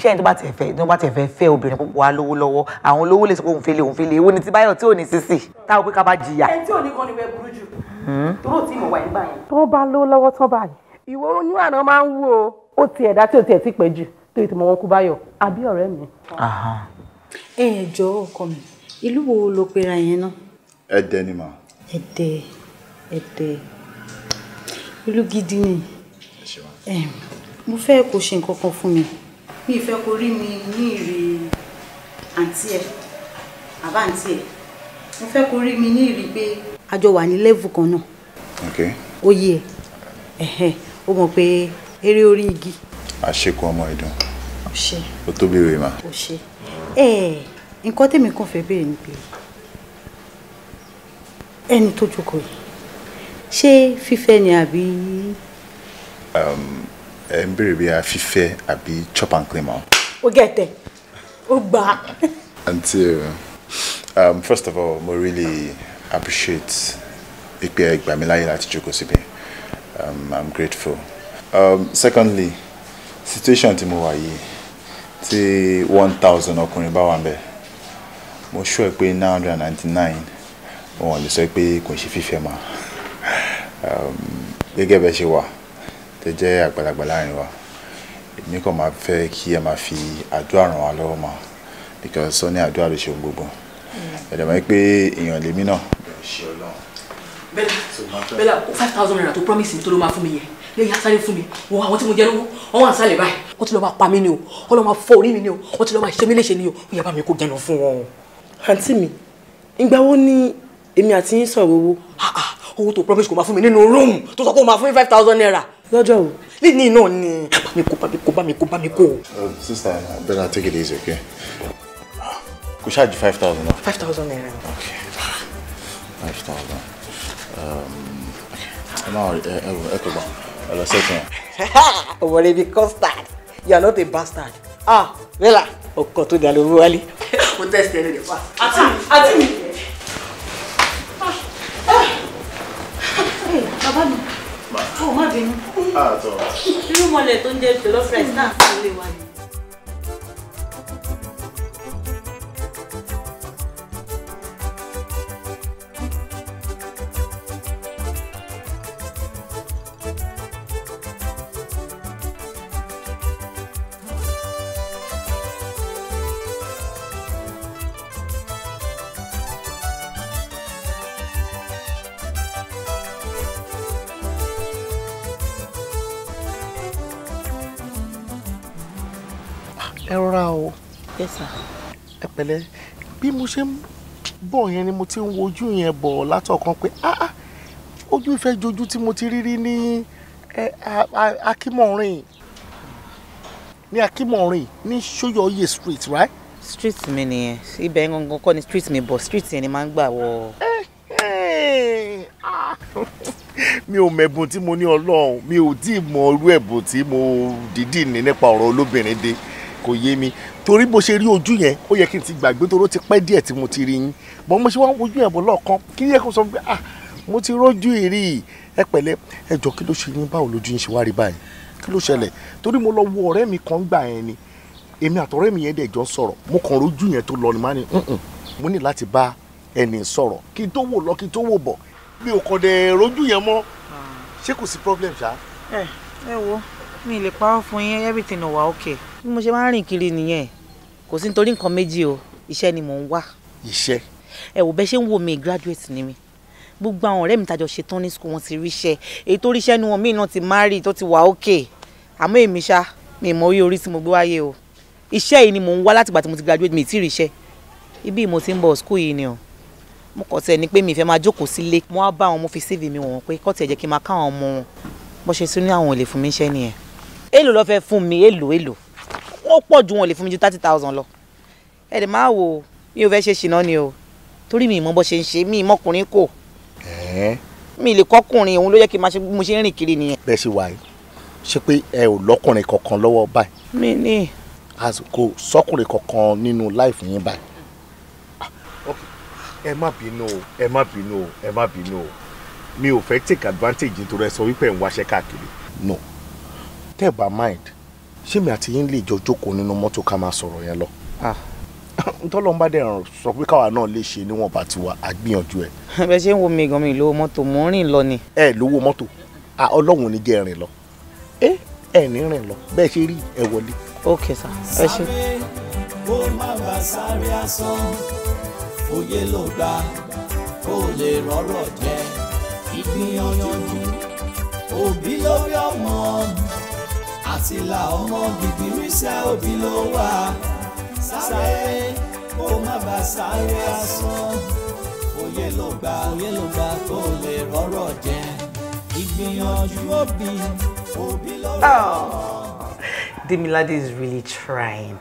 [SPEAKER 2] ṣé ẹni tó bá tiẹ̀ fẹ́ tó bá tiẹ̀ fẹ́ fẹ́ obìnrin púpọ̀ wá lówó lọ́wọ́ àwọn olówó lè sọ pé òun fẹ́ lé òun fẹ́ lé ewu ni ti báyọ̀ tí ò ní sísì táwọn pé ká bá jìyà. ẹni tí ò ní kan ni bẹ́ẹ̀ burú jù hmm? tóró tí ìmọ̀ wà ní báyìí. tó bá lówó lọ́wọ́ tán báyìí ìwọ oyún àná máa ń wú o ó ti ẹ̀dá tí ò tiẹ̀ ti pẹ́ jù tó ìtìmọ̀ wọn kú báyọ̀
[SPEAKER 5] àbí ọ̀rẹ́ mi. ẹ ẹ jọ̀ọ́ ọkọ mi ìlú wo ló pera yẹn náà. ẹdẹ ni mà. ẹdẹ ẹdẹ ìlú gidi ni mo fẹ́ kó ṣe nǹkan kan fún mi mi ìfẹ́ kó rí mi ní ìrì àǹtí ẹ̀ àbá àǹtí ẹ̀ mo fẹ́ kó rí mi ní ìrì pé a jọ wà ní level kan náà. okay. ó yé ẹ ó mọ̀ pé eré orí igi.
[SPEAKER 3] àṣekù ọmọ ìdùn. ó ṣe. ó tó béèrè mà.
[SPEAKER 5] ó ṣe ẹ nǹkan tèmi kàn fẹ́ béèrè ni pé ẹni tó jókòó yìí ṣé fífẹ́ ni àbí.
[SPEAKER 3] Um, ẹ ń béèrè bí a fífẹ́ àbí chop and clean mọ́.
[SPEAKER 5] ó gẹ̀tẹ̀ ó gbà
[SPEAKER 3] á. um, first of all mo really appreciate ìpè ẹgbà mi láyé láti jókòó síbi um, i'm grateful. Um, secondly situation tí mo wà yìí tí one thousand ọkùnrin bá wà ń bẹ̀ mo sure pé nine hundred and ninety nine wọn lè sọ pé kò ṣe fífẹ́ mọ́ um, gẹ́gẹ́ bẹ́ẹ̀ ṣe wà tẹ́ jẹ́ àgbàlagbà láàrin wa èmi kàn máa fẹ́ kí ẹ máa fi àdúrà ràn wá lọ́wọ́ mà because sọ́ni àdúrà ló ṣe gbogbo
[SPEAKER 2] hmm.
[SPEAKER 3] ẹ̀dẹ̀ mọ́ pé èèyàn lèmi náà.
[SPEAKER 2] bẹ́ẹ̀ five thousand naira tó promise mi tó ló máa fún mi yẹn lẹ́yìn asáré fún mi wo àwọn tí mo jẹ lówó wọn wà sálẹ̀ báyìí wọ́n ti lọ́ọ́ máa pa mí ni o wọ́n lọ́ọ́ máa fọ orí mi ni o wọ́n ti lọ́ọ́ máa ṣe mí léṣe ni o ó yá bá mi kó jẹun fún wọn. àǹtí mi ìgbà wo ni èmi àti yín sọ̀rọ̀ owó. Ah, ah, owó tó promise kò máa fún mi nínú rúùmù tó sọ pé ó máa fún mi five thousand naira lọ́jọ́ o líní náà ni
[SPEAKER 3] bá mi kó bá mi kó bá mi kó bá mi kó. Oh, sista I better take it easy okay kò ṣáàjì five thousand náà.
[SPEAKER 6] five
[SPEAKER 2] thousand naira. okay
[SPEAKER 3] five thousand ẹ máa ẹ wò ẹ kò
[SPEAKER 7] gbà ẹ lọ sẹ́kì
[SPEAKER 2] yẹn. ọmọdé bíi custard you are not a bastard ah wẹ́là
[SPEAKER 7] ọkọ̀ tó dà lórí wálé.
[SPEAKER 2] mo tẹ̀sí ẹni rẹ̀ wá. àti àti mi. Ah,
[SPEAKER 5] ah. bàbá mi ọ̀ oh, má bínú. Ah, irú mọ̀lẹ̀ tó ń jẹ́ jọlọ́fẹ̀ẹ́ náà sílé wa
[SPEAKER 3] ṣe ń bọ̀ yẹn ni mo ti ń wojú yẹn bọ̀ látọ̀kan pé ah, ah ojú ìfẹ́ jojú tí mo ti rí rí ní
[SPEAKER 2] akímọ̀rin ní akímọ̀rin ní sóyọ̀ọ́yè street right. street mi nìyẹn ibẹ̀ gangan kọ́ ni street mi bọ̀ street yẹn ni máa ń gbà wọ. Ah! mi ò mẹ̀bùn tí mo ní
[SPEAKER 3] ọlọ́run mi ò tí ì mọ irú ẹ̀bùn tí mo dìídì ní nípa ọ̀rọ̀ olóbìnrin dé kò yé mi torí bó ṣe rí ojú yẹn ó yẹ kí n ti gbàgbé toró ti pẹ́ díẹ̀ tí mo ti rí yín bọ́ mo ṣe wá ojú yẹn bọ̀ lọ́ọ̀kan kí yẹ kó sọ pé ah mo ti rójú ìrí ẹ pẹ̀lẹ́ ẹ jọ kí ló ṣe yín báwo lójú yín ṣe wá rí báyìí kí ló ṣẹlẹ̀ torí mo lọ wo ọ̀rẹ́ mi kan gbà yẹn ni èmi àtọ̀rẹ́ mi yẹn dẹ̀ jọ sọ̀rọ̀ mo kàn rójú yẹn tó lọ ni má ni mo ní láti bá ẹni sọ̀rọ̀ kí n tó wò mi ò kàn dẹ̀ rójú yẹn ah. problem
[SPEAKER 2] ṣá. ẹ eh, ẹ wo mi lè parọ́ fún yín everything ò wá okay. bí mo ṣe máa ń rìn kiri nìyẹn kò sí nítorí nǹkan méjì o iṣẹ́ ni mò ń wá. iṣẹ́. ẹ wò bẹ́ẹ̀ ṣe ń wò mí graduate ni mi gbogbo àwọn ọ̀rẹ́ mi tàjọ ṣetán ní school wọn ti ríṣẹ́ èyí tó ríṣẹ́ ni wọn míì náà ti marry tó ti wà okay àmọ́ èmi ṣá mi mọ orí orí tí mo gbé wáyé o iṣẹ́ yìí ni mò ń wá látìgbà tí mo ti graduate mi ì tí ì ríṣẹ́ ibi mo ti ń bọ̀ school yìí ni o mo kàn tẹ̀ ni pé mi ìfẹ́ máa jókòó sílé mo wá bá àwọn mo fi CV mi wọ̀n pé kọ́ tẹ̀ kí n máa ká àwọn ọmọ wọn bó ṣe tún ní àwọn èlé fún mi iṣẹ́ nìyẹn èlò ló fẹ́ fún mi èlò èlò wọ́n pọ̀ ju wọn lè fún mi ju thirty thousand lọ ẹ dẹ̀ máa wò mi ò fẹ́ ṣe ṣìnà ni o torí mi ìmọ̀ bó ṣe ń ṣe mi ìmọ̀kùnrin kò mi lè kọ́kùnrin òun ló yẹ kí n máa ṣe mo ṣe ń rìn kiri nìyẹn. bẹ́ẹ̀ sì wà yìí ṣé pé ẹ ò lọ́kùnrin kankan lọ́wọ́ báyìí. mi ni.
[SPEAKER 3] àsìkò sọ́kùnrin kankan nínú láìfù yín báyìí. Ah, ẹ má bínú o ẹ má bínú o ẹ má bínú o mi ò fẹ́ take advantage nítorí ẹ sọ wípé ẹ̀ ń wáṣẹ́ káàkiri. no tẹ́ ẹ̀ bá mind ṣé mi àti yín lè jọ jókòó nínú mọ́tò ká máa sọ̀rọ̀ yẹn lọ. Ah. ntọ́lọ́ ń bá dẹ̀ ràn sọ pé káwa náà lè ṣe níwọ̀n bá tiwa àgbìyànjú ẹ̀.
[SPEAKER 2] bẹ ṣe ń wo mi gan mi lówó mọ́tò mò ń rìn lọ ni. ẹ lówó mọ́tò ọlọ́run ní jẹ́ rìn lọ ẹ ẹ ní rìn lọ bẹ́ẹ̀ ṣe rí ẹ wọlé. ok sir
[SPEAKER 3] ẹ ṣe. sáré
[SPEAKER 7] kó má bàa sáré asán òye ló gbà kó lè rọ́rọ̀ jẹ ìgbìyànjú àtìlà ọmọ Gìdìrísà òbí ló wà sáré kó má bà sáré asán òye ló gbà òye ló gbà kó lè rọ́rọ̀ jẹ ìgbìyànjú òbí òbí ló rọ. Ah,
[SPEAKER 2] Demilade is really trying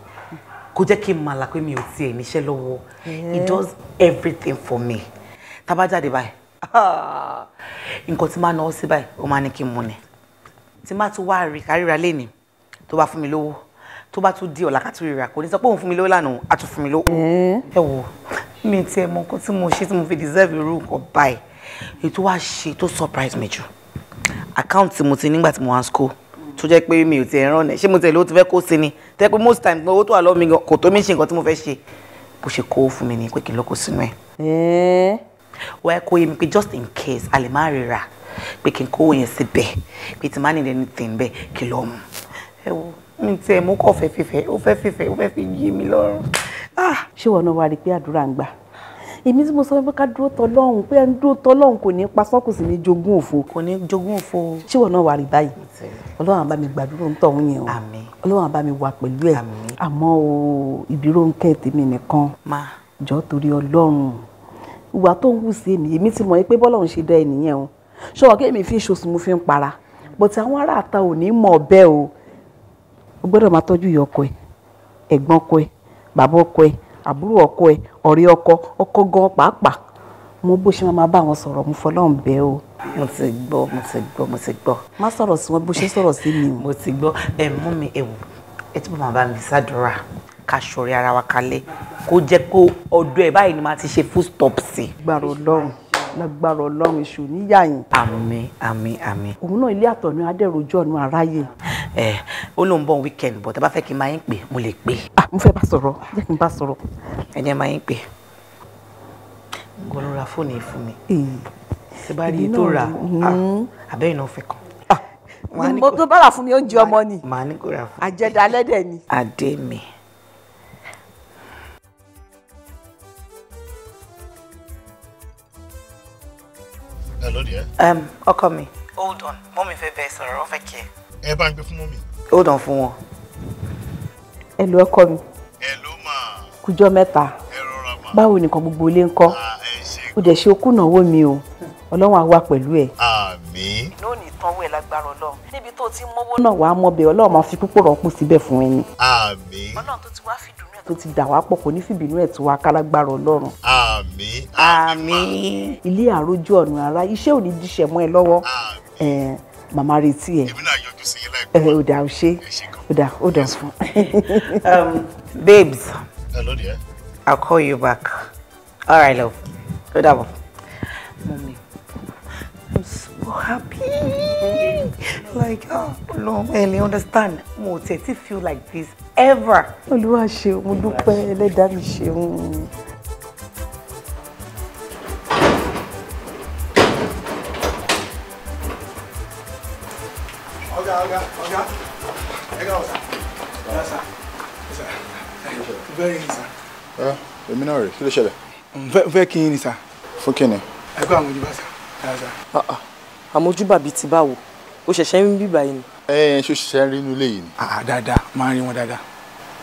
[SPEAKER 2] kò jẹ́ kí n máa la mi ò tiẹ̀ níṣẹ́ lọ́wọ́
[SPEAKER 1] he eh. does
[SPEAKER 2] everything for me tá bá jáde báyìí
[SPEAKER 1] ah,
[SPEAKER 2] nǹkan tí máa náwó sí báyìí ó máa ní kí n mú ni tí má tún wá rí kárìíra lẹ́nìí tó bá fún mi lówó tó bá tún di ọ̀la ká tún rírà kò ní sọ pé òun fún mi lówó lánàá á tún fún mi lówó. ẹ wo mi tiẹ̀ mọ nǹkan tí mo ṣe tí mo fi deserve irú nǹkan báyìí ètò wa ṣe tó surprise mi jù àkáǹtì mo ti nígbà tí mo wá school tó jẹ́ pé mi ò tiẹ̀ rán ẹ̀ ṣé mo tiẹ̀ lówó ti fẹ́ kó sí ni tẹ́ pé most times owó tó wà lọ́wọ́ mi kò tó mi ṣe nǹkan tí mo fẹ́ ṣe bó ṣe kó fún mi ni pé kí n lọ́kọ̀ sínú
[SPEAKER 1] ẹ̀.
[SPEAKER 2] wọ́n ẹ kó yé mi pé just in case a lè má ríra pé kí n kó yẹn sí bẹ́ẹ̀ pé tí má nílẹ̀ ní tì ń bẹ́ẹ̀ kí lọ mú ẹ wo mi tiẹ̀ mú kọ́ fẹ́ fífẹ́ ó fẹ́ fífẹ́ ó fẹ́ fi yé mi lọ́rùn. Ah! ṣé wọn náà wá rí i pé àdúrà ń gbà èmi tí mo sọ pé ká dúró tọlọ́hún pé ẹni dúró tọlọ́hún kò ní pa sọ́kù sí ní jogún òfo. kò ní jogún òfo. ṣé wọn náà wà rí báyìí ọlọ́run àbá mi gbàdúrà ń tọ̀hún yẹn o ọlọ́run àbá mi wà pẹ̀lú ẹ̀ àmọ́ o ìbírò ń kẹ́ tèmi nìkan jọ́ torí ọlọ́run ìwà tó ń wù sí èmi èmi ti mọ̀ pé bọ́lọ́run ṣe dá ẹ nìyẹn o ṣọwọ́ kémi fi ṣoṣù mo fi ń para but àwọn ará àta ò ní mọ̀ bẹ́ẹ̀ o o gbọ́dọ̀ máa tọ́jú ìyá ọkọ ẹ ẹ̀gbọ́n ọkọ ẹ bàbá ọkọ ẹ àbúrò ọkọ ẹ ọ̀rẹ́ ọkọ ọkọ gan pàápàá mo bó ṣe máa bá wọn sọ̀rọ̀ mo fọlọ́run bẹ́ o. mo ti gbọ́ mo ti gbọ́ mo ti gbọ́. má sọ̀rọ̀ sí wọn bó ṣe sọ̀rọ̀ sí mi mo ti gbọ́ ẹ mú mi ẹ̀wù ẹ túbọ̀ máa bá mi ṣàdúrà ká ṣọ̀rẹ́ ara wa kalẹ̀ kó jẹ́ kó ọdún ẹ̀ báyìí ni màá ti ṣe full stop sí. gbàrò lọ́rùn lágbára ọlọ́run èṣù níyàyìn. àmín àmín àmín. òun náà ilé àtọ̀nù adẹ́rọ̀jú ọ̀nà aráyè. ẹ ó lóun bọ̀ weekend bọ̀ tẹ́ bá fẹ́ kí n máa yín pè mo lè pè. ah mo fẹ́ bá sọ̀rọ̀ jẹ́ kí n bá sọ̀rọ̀. ẹ jẹ́ máa yín pè. gbọ́dọ̀ ra fóònù yìí fún mi. ṣé bá rí i tó rà àbẹ́yìn ah, náà fẹ́ kàn ah, mo tó bá rà fún mi oúnjẹ ọmọ ni àjẹdà alẹ́dẹ̀ ni. àdé mi. hello dear. Um, ọkọ mi. hold on mommy. fẹ́ bẹ́ẹ̀ sọ̀rọ̀ wọ́n fẹ́ kí ẹ. ẹ bá ń gbé hold on fún wọn. Hello, lo ọkọ Hello ma, ló meta. kújọ mẹ́ta. ẹ rọra máa. báwo nìkan gbogbo ilé ń kọ́. o ah, dẹ̀ ṣe okú náwó mi o ọlọ́run á wà pẹ̀lú ẹ̀. àmín. lónìí tánwó ẹ lágbára ọlọ́run níbi tó ti mówó náà wàá mọ̀ bẹ́ẹ̀ ọlọ́run máa fi púpọ̀ rọ́pò síbẹ̀ fún ẹni. àmín. ọlọ́run tó ti wá fi tó ti dà wá pọ̀ kò ní fìbínú ẹ̀ tó wá kálágbára ọlọ́run. àmín. àmín. ilé àrójú ọ̀nà ara iṣẹ́ ò ní jíṣẹ́ mọ́ ẹ lọ́wọ́. àmín. màmá retí ẹ. èmi náà yọjú sí yín láìpẹ́. ẹ ò ṣe ó dà fún. Um, babes. hello dear. I'll call you back. all right love. ó dàbọ̀. I'm
[SPEAKER 1] so happy.
[SPEAKER 2] like, oh, no, Ellie, understand. Mo ti feel like this
[SPEAKER 4] ever. Olúwa ṣeun, mo dúpẹ́ ẹlẹ́dàá mi ṣeun.
[SPEAKER 3] Ọ̀gá, ọ̀gá, ọ̀gá. Ẹ̀gá ọ̀sà. Ọ̀gá ọ̀sà. Ọ̀sà. Bẹ́ẹ̀ ni sà. Ẹ èmi náà rè kí ló ṣẹlẹ̀? Fẹ́ kí n ni sà. Fún kí ni?
[SPEAKER 6] Ẹgbẹ́ àwọn ojú bá sà. Ah, ah. àmójúbà bíi ti báwo o
[SPEAKER 3] ṣẹ̀ṣẹ̀ ń bíbà yìí ni. ẹ ẹ ṣó ṣiṣẹ́ ń rí inú ilé yìí ni. Ah, dáadáa máa ń rí wọn dáadáa.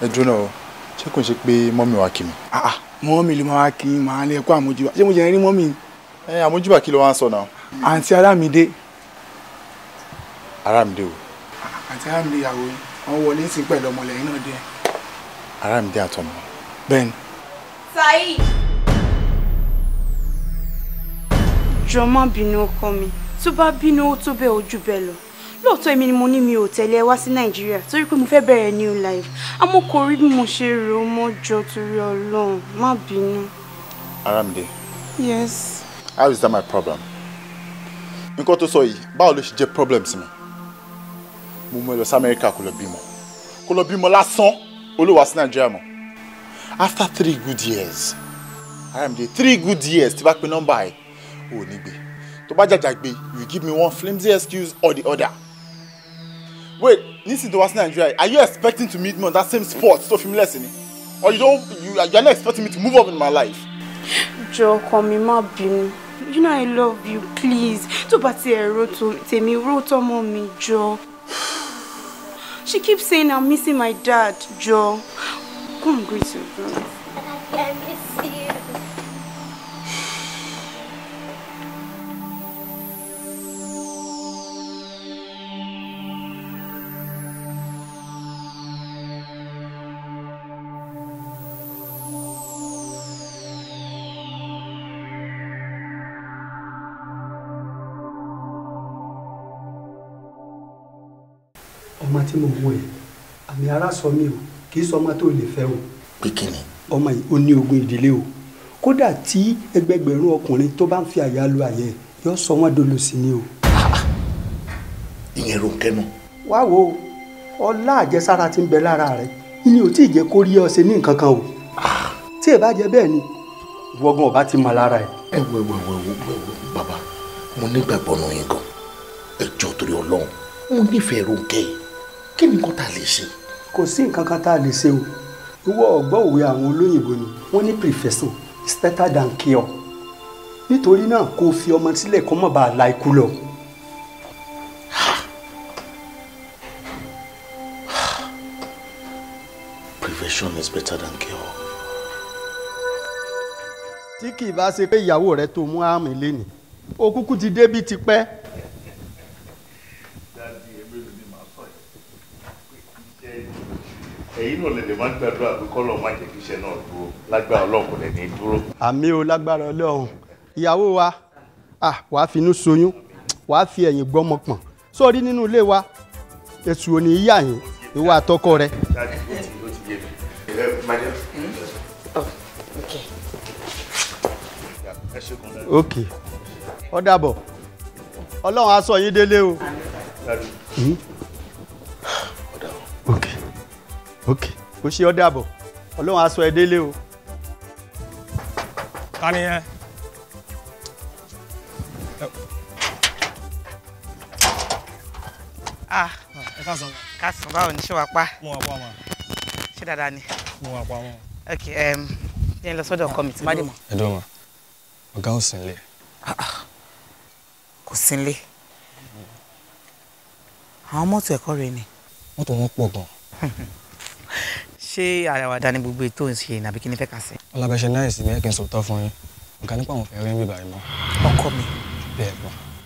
[SPEAKER 3] ẹ dúró náà ṣé kò ń ṣe pé mọ́mì wa kì mí. mọ́mì ló máa wá kí n máa lè kó àmójúbà ṣé mo jẹ́ rí mọ́mì ẹ àmójúbà kí ló wá ń sọ náà. àǹtí arámidé. arámidé o. àǹtí arámidé ìyàwó yìí wọn wọlé sí pẹ̀lú ọmọlẹ́yìn náà dé. arámidé àtọmọ. bẹ́ẹ̀ni.
[SPEAKER 4] saheed. jọ̀ọ́ má bínú ọkọ mi tó bá bínú ó tó bẹ́ẹ̀ ojú bẹ́ẹ̀ lọ lóòótọ́ èmi ni mo ní mi ò tẹ̀lé wá sí nàìjíríà torí pé mo fẹ́ bẹ̀rẹ̀ new life àmọ́ kò rí bí mo ṣe rò ó mọ́jọ torí ọlọ́run má bínú. Aramide. yes.
[SPEAKER 3] how is that my problem? nǹkan tó sọ yìí báwo ló ṣe jẹ́ problem sí mi mo mú ẹ lọ sí amẹ́ríkà kó lọ bímọ kó lọ bímọ lásán olówó sí nàìjíríà mọ́ after three good years Aramide three good years tí bá pe number yìí o ò ní gbé tó bá jàjà gbé you give me one flimsy excuse or the other wait nísìnyí tó wá sí nàìjíríà are you expecting to meet me on that same spot tó fi mí lẹ́sìn ni or you don't you, you are not expecting me to move up in my life.
[SPEAKER 4] Joe, ọkọ mi má you know i love you please tó bá ti ẹ̀rọ tèmi ró tọmọ mi Joe. she keeps saying i'm missing my dad Joe. come greet your brother.
[SPEAKER 3] ọmọ tí mo wọ ẹ àmì ara sọ mi o kì í sọ ọmọ tó lè fẹ́ o. pé kí ni. ọmọ yìí ó ní ogun ìdílé o kódà tí ẹgbẹgbẹ̀rún ọkùnrin tó bá ń fi àyà lu àyẹ yóò sọ wọn dolo sí ni o. ìyẹn ló ń kẹnu.
[SPEAKER 6] wá wo ọlá àjẹsára tí ń bẹ lára rẹ ni ò tí ì jẹ kó rí ọ ṣe ní nǹkan kan o tí ì bá jẹ bẹ́ẹ̀ ni
[SPEAKER 3] wọgán ọba ti mọ lára ẹ. ẹ wẹ wẹ wẹ wẹ bàbá mo nígbàgbọ́ nù yín gan ẹjọ́ torí ọlọ́run mo nífẹ̀ẹ́ Rónkẹ́ yìí kí ni nǹkan tá a lè ṣe. kò sí nǹkan kan tá a lè ṣe o
[SPEAKER 6] ìwọ ọgbọ́n òwe àwọn olóyìnbó ni wọ́n ní prevention is better than cure nítorí náà kò fi ọmọ sílẹ̀ kó má bàa la ikú lọ.
[SPEAKER 3] prevention is better than cure. tí kì í bá ṣe pé ìyàwó rẹ tó mú àmì lé ní o kúkú ti débi tipẹ́ ẹ̀yin náà lè lè má gbàdúrà pé kọ́lọ̀ má jẹ́ kí iṣẹ́ náà dúró lágbára ọlọ́run lè ní dúró. àmì o lágbára ọlọ́run ìyàwó wa wàá finú soyún wàá fi ẹ̀yìn gbọ́mọ pọ̀n sórí nínú ilé wa èṣù ò ní yín ìwà àtọkọ rẹ. ok ó ọlọ́run á yín délé o. ok kò ṣe ọ́ dàbọ̀
[SPEAKER 6] ọlọ́run á sọ ẹ délé o. ta ni ẹ.
[SPEAKER 2] ah ẹ ká sọ. ká sọ báwo ni ṣé wàá pa. mo wà pa wọn. ṣé dáadáa ni. mo wà pa wọn. ok ẹ lọ sọ́dọ̀ ọkọ mi tí má dé mọ́.
[SPEAKER 6] ẹ dọ́ ma ọ̀gá ò
[SPEAKER 2] sí nílé. Ah, ah. kò sí nílé àwọn mọ́tò ẹ̀kọ́ rẹ ni. mọ́tò wọn pọ̀ gan-an. ṣé àwàdà ni gbogbo ètò ìṣe nàbí kí ni fẹ́ kà sí.
[SPEAKER 6] ọlábẹ́sẹ̀ náà ìsinmi ẹ̀ kí n sòótọ́ fún yín nǹkan nípa òun fẹ́ rí mi báyìí mọ́.
[SPEAKER 2] ọkọ mi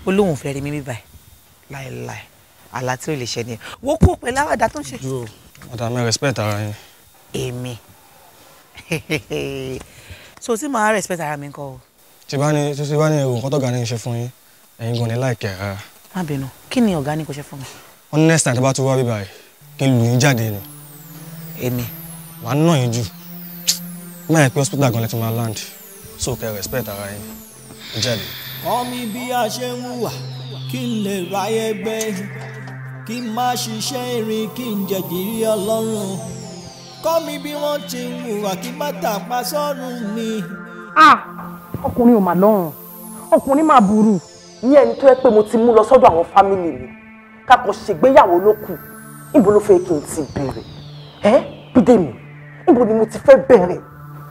[SPEAKER 2] olóhùn fẹ́ rí mi báyìí láéláé àlá tí ò lè ṣẹ nìyẹn wo kú pé láwàdà tó ń ṣe. ju madam ẹ respect ara yín. èmi so tí màá respect ara mi ńkọ́ o. tí bá
[SPEAKER 6] ní tí bá ní ewu nǹkan tó ga ní í ṣe fún yín ẹ̀yin gan ni láìkẹ́ rárá.
[SPEAKER 2] má bínú kí ni ọ̀gá ní kò ṣe fún mi.
[SPEAKER 6] wọ́n ní next time tó bá tún wá bíbáyìí kí n lù yín jáde ni èmi. wà á nà yín jù máa yẹ pé hospital gan lè máa land so kẹ́ respect ara yín jáde.
[SPEAKER 7] kọ́ mi bí a ṣe ń hùwà kí n lè ráyè gbé kí n má ṣiṣẹ́ irin kí n jẹ̀jìrì ọlọ́run kọ́ mi bí wọ́n ti ń hùwà kí n má sọ́run mi.
[SPEAKER 2] ọkùnrin ò mà lọ́rùn ọkùnrin máa burú ìyẹn ẹni tó yẹ pé mo ti mú lọ sọ́dọ̀ àwọn fámìlì mi ká ṣègbéyàwó ló kù ibo ló fẹ́ kí n ti bẹ̀rẹ̀
[SPEAKER 5] ẹ bídé mi níbo ni mo ti fẹ́ bẹ̀rẹ̀.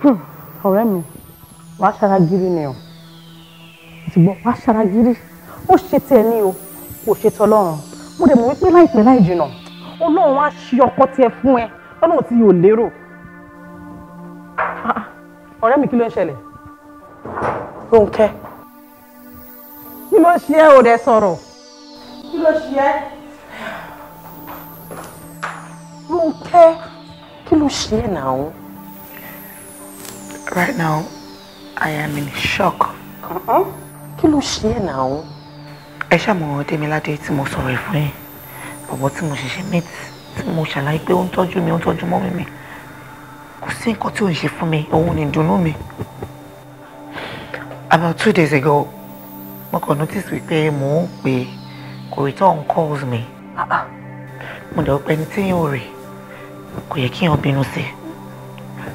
[SPEAKER 5] Hmm, ọ̀rẹ́ mi wàá ṣara gírí ni o ṣùgbọ́n wàá ṣara gírí ó ṣe tiẹ̀ ní o kò ṣe tọlọ́run mo
[SPEAKER 2] dẹ̀ mọ̀ wípé láìpẹ́ láì jìnnà ọlọ́run á ṣe ọkọ tiẹ̀ fún ẹ lọ́nà tí yóò lérò. Ah, ah, ọ̀rẹ́ mi kí ló ń ṣẹlẹ̀. Rónkẹ́. kí ló ṣe é o dẹ̀ sọ̀rọ̀. kí ló ṣe é. Ronke, kí ló ṣe é náà? Right now, I am in shock. Uh-huh. Kí ló ṣe é náà? Ẹ ṣàmọ̀ Demilade tí mo sọ̀rọ̀ ẹ̀ fún yín, bọ̀bọ̀ tí mo ṣẹ̀ṣẹ̀ meet tí mo ṣàlàyé pé ó ń tọ́jú mi ó ń tọ́jú mọ́mì mi. Kò sí nǹkan tí ò ń ṣe fún mi, òun ni ìdùnnú mi. About two days ago, mo kàn notice wípé mò ń pè kò return calls mi. Ah, ah. Mo dẹ̀ ọ̀pẹ ní tí yóò rèé kò yẹ kí èèyàn bínú sí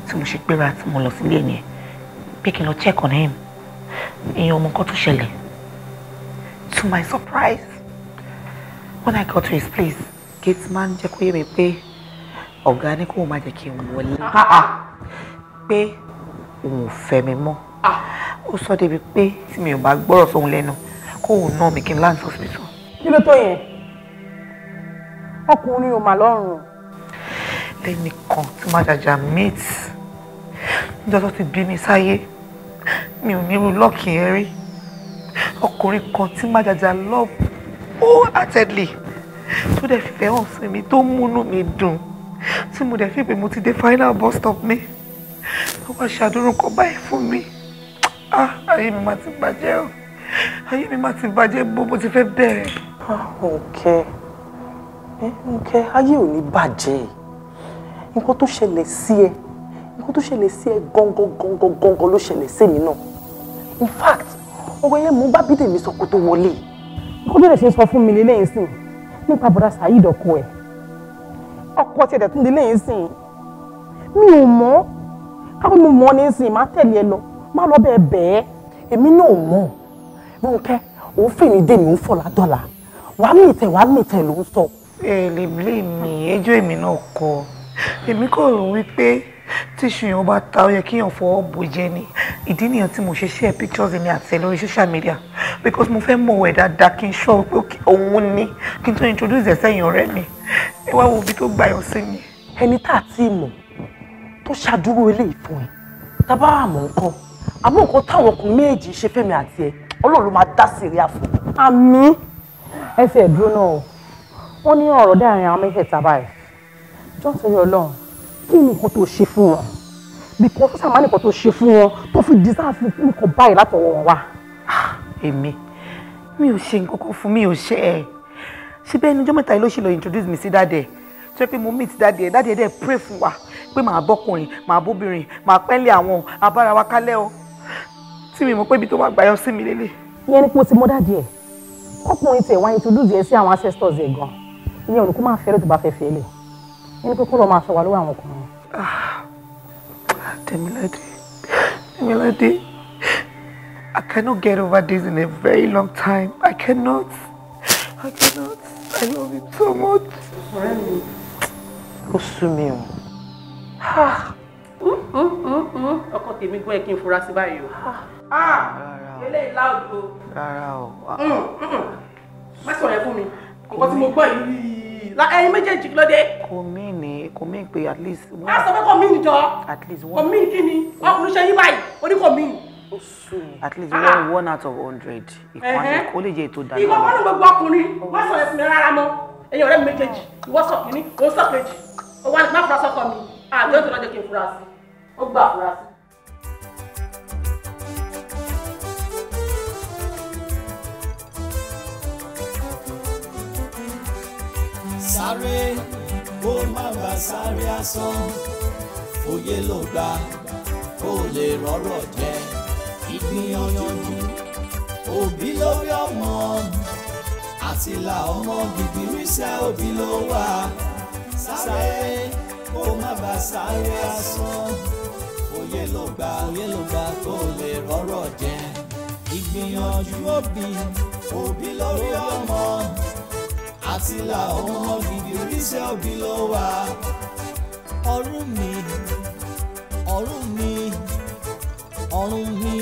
[SPEAKER 2] tí mo ṣe gbéra tí mo lọ sílé yẹn pé kí n lọ check on him èèyàn ọmọ nǹkan tó ṣẹlẹ̀ to my surprise when I got to his place gate man jẹ́ kó yé mi pé ọ̀gá ní kó o má jẹ́ kí n wọlé ah, ah. pé òun ò fẹ́ mi mọ́ ah. ó sọ débi pé tí mi ò bá gbọ́rọ̀ sóhun lẹ́nu kó òun náà mi kí n land hospital. kí ló tó yẹn ọkùnrin ò mà lọ́rùn o tẹ́nìkan tí máa jàjà meet níjọ́ tó ti bí mi sáyé mi ò nírú lọ́ọ̀kì yẹn rí ọkùnrin kan tí máa jàjà love wholeheartedly tó dẹ̀ fìfẹ́ sí mi tó múnú mi dùn tí mo dẹ̀ fi pé mo ti dé final bus stop mi ó wá ṣàdúró kan báyìí fún mi ah, ayé mi máa ti bàjẹ́ o ayé mi máa ti bàjẹ́ bó mo ti fẹ́ bẹ̀rẹ̀. Ah, Nǹkẹ́ eh, Nǹkẹ́ ayé ò ní bàjẹ́ yìí nǹkan tó ṣẹlẹ̀ sí ẹ nǹkan tó ṣẹlẹ̀ sí ẹ gangan gangan gangan ló ṣẹlẹ̀ sí mi náà in fact ọ̀rọ̀ yẹn mo bá Bídèmí sọ kó tó wọlé. kó ló lè ṣe sọ fún mi lélẹ́yìn sìn nípa bọ́dá Saheed ọkọ ẹ̀ ọkọ tiẹ̀ tẹ̀ tún lélẹ́yìn sìn mi ò mọ̀ káwọn mo mọ̀ ní sìn má tẹ̀lé ẹ lọ má lọ bẹ́ẹ̀ bẹ́ẹ̀. èmi náà mọ̀ Rónkẹ́ òun fèmí dèmi ń fọ̀ ládọ́là wàá mìtẹ̀ wàá mìtẹ̀ ló ń sọ. ẹ lè blame mi ẹjọ́ èmi náà kọ́ ọ èmi kò rò wípé tíṣù yẹn bá ta ó yẹ kíyàn fọwọ́ bò jẹ ni ìdí nìyẹn tí mo ṣe share pictures mi àti ẹ lórí social media because mo fẹ́ mọ̀ ẹ̀ dáadáa kí n sọ pé òun ni kí n tó introduce ẹ̀ sẹ́yìn ọ̀rẹ́ mi ẹ wá wo ibi tó gbà yọ sí mi. ẹni tá a ti mọ̀ tó ṣàdúró eléyìí fún ẹ tábà àmọ́ nǹkan àmọ́ nǹkan táwọn ọkùnrin méjì ṣe fẹ́mi àti ẹ ọlọ́run ló máa dá sí ìrìn àfọ̀. àmì ẹsẹ̀ ìdúró náà wọ́n ní ọ̀rọ̀ dáàrin àwọn mẹ́tẹ̀ẹ̀ta báyìí jọ́ sọ̀rọ̀ ọlọ́run kí ni nǹkan tó ṣe fún wọn because sọ́sà máa ní nǹkan tó ṣe fún wọn tó fi dísáàfù nǹkan báyìí látọwọ́ wọn wá. Ah, èmi mi ò ṣe nǹkan kan fún mi ò ṣe ẹ ṣe bẹ́ẹ̀ ni ọjọ́ mẹ́ta yìí ló ṣe lọ introduce mi sí dáadẹ́ tó yẹ pé mo meet dáadẹ́ dáadẹ́ dẹ́ pray fún wa pé màá bọ́kùnrin màá bóbìnrin màá pẹ́ńlẹ̀ àwọn abára wa kálẹ̀ o tí mi mọ̀ pé ibi tó wà gbàyọ sí mi lélẹ̀. ìyẹn ni pé o ti mọ dáadẹ́ ẹ̀ kọ́kùnrin tẹ̀ wá introduce ẹ sí àwọn ancestors ẹni pé kó lọ́ọ́ máa sọ wà lọ́wọ́ àwọn ọkùnrin. Demilade, ah, Demilade, I cannot get over this in a very long time.
[SPEAKER 1] I cannot. I cannot. I love him so much. Ọ̀rẹ́ mi,
[SPEAKER 5] ó sú mi o.
[SPEAKER 1] Ah.
[SPEAKER 2] Ọkọ tèmi gbọ́ ẹ kí n fura sí báyìí o. Ah. Eléyìí láòdù o. Rárá o. Mm, mm, mm. Má sọ̀rọ̀ ẹ fún mi. Nǹkan tí mo gbọ́ yìí la ẹyin méjèèjì kí ló dé. kò mí ni kò mí pé at least. a sọ pé kò mí ni jọ kò mí kí ni ọkùnrin ṣe yín báyìí ó ní kò mí ni at least ah. one one out of hundred ìkànnì ó lè jẹ ètò ìdájọ́. ìkọ́ wọn ní gbogbo ọkùnrin wọ́n sọ ẹ̀sìn rárá mọ́ ẹ̀yin ọ̀rẹ́ mi méjèèjì ìwọ sọ kìíní òun sọ kejì òun wà ní má fura mi àgbẹ̀ ah, òtún kí n fura sí ó gbà
[SPEAKER 7] sáré kó má bàa sáré asán òye ló gbà kó lè rọ́rọ̀ jẹ ìgbìyànjú òbí lórí ọmọ àti là ọmọ gidi ríṣẹ́ òbí ló wà
[SPEAKER 1] sáré
[SPEAKER 7] kó má bàa sáré asán òye ló gbà òye ló gbà kó lè rọ́rọ̀ jẹ ìgbìyànjú òbí òbí lórí ọmọ àtìlà ọmọ gidi oníṣẹ́ òbí ló wà. ọ̀run mi ọ̀run mi ọ̀run mi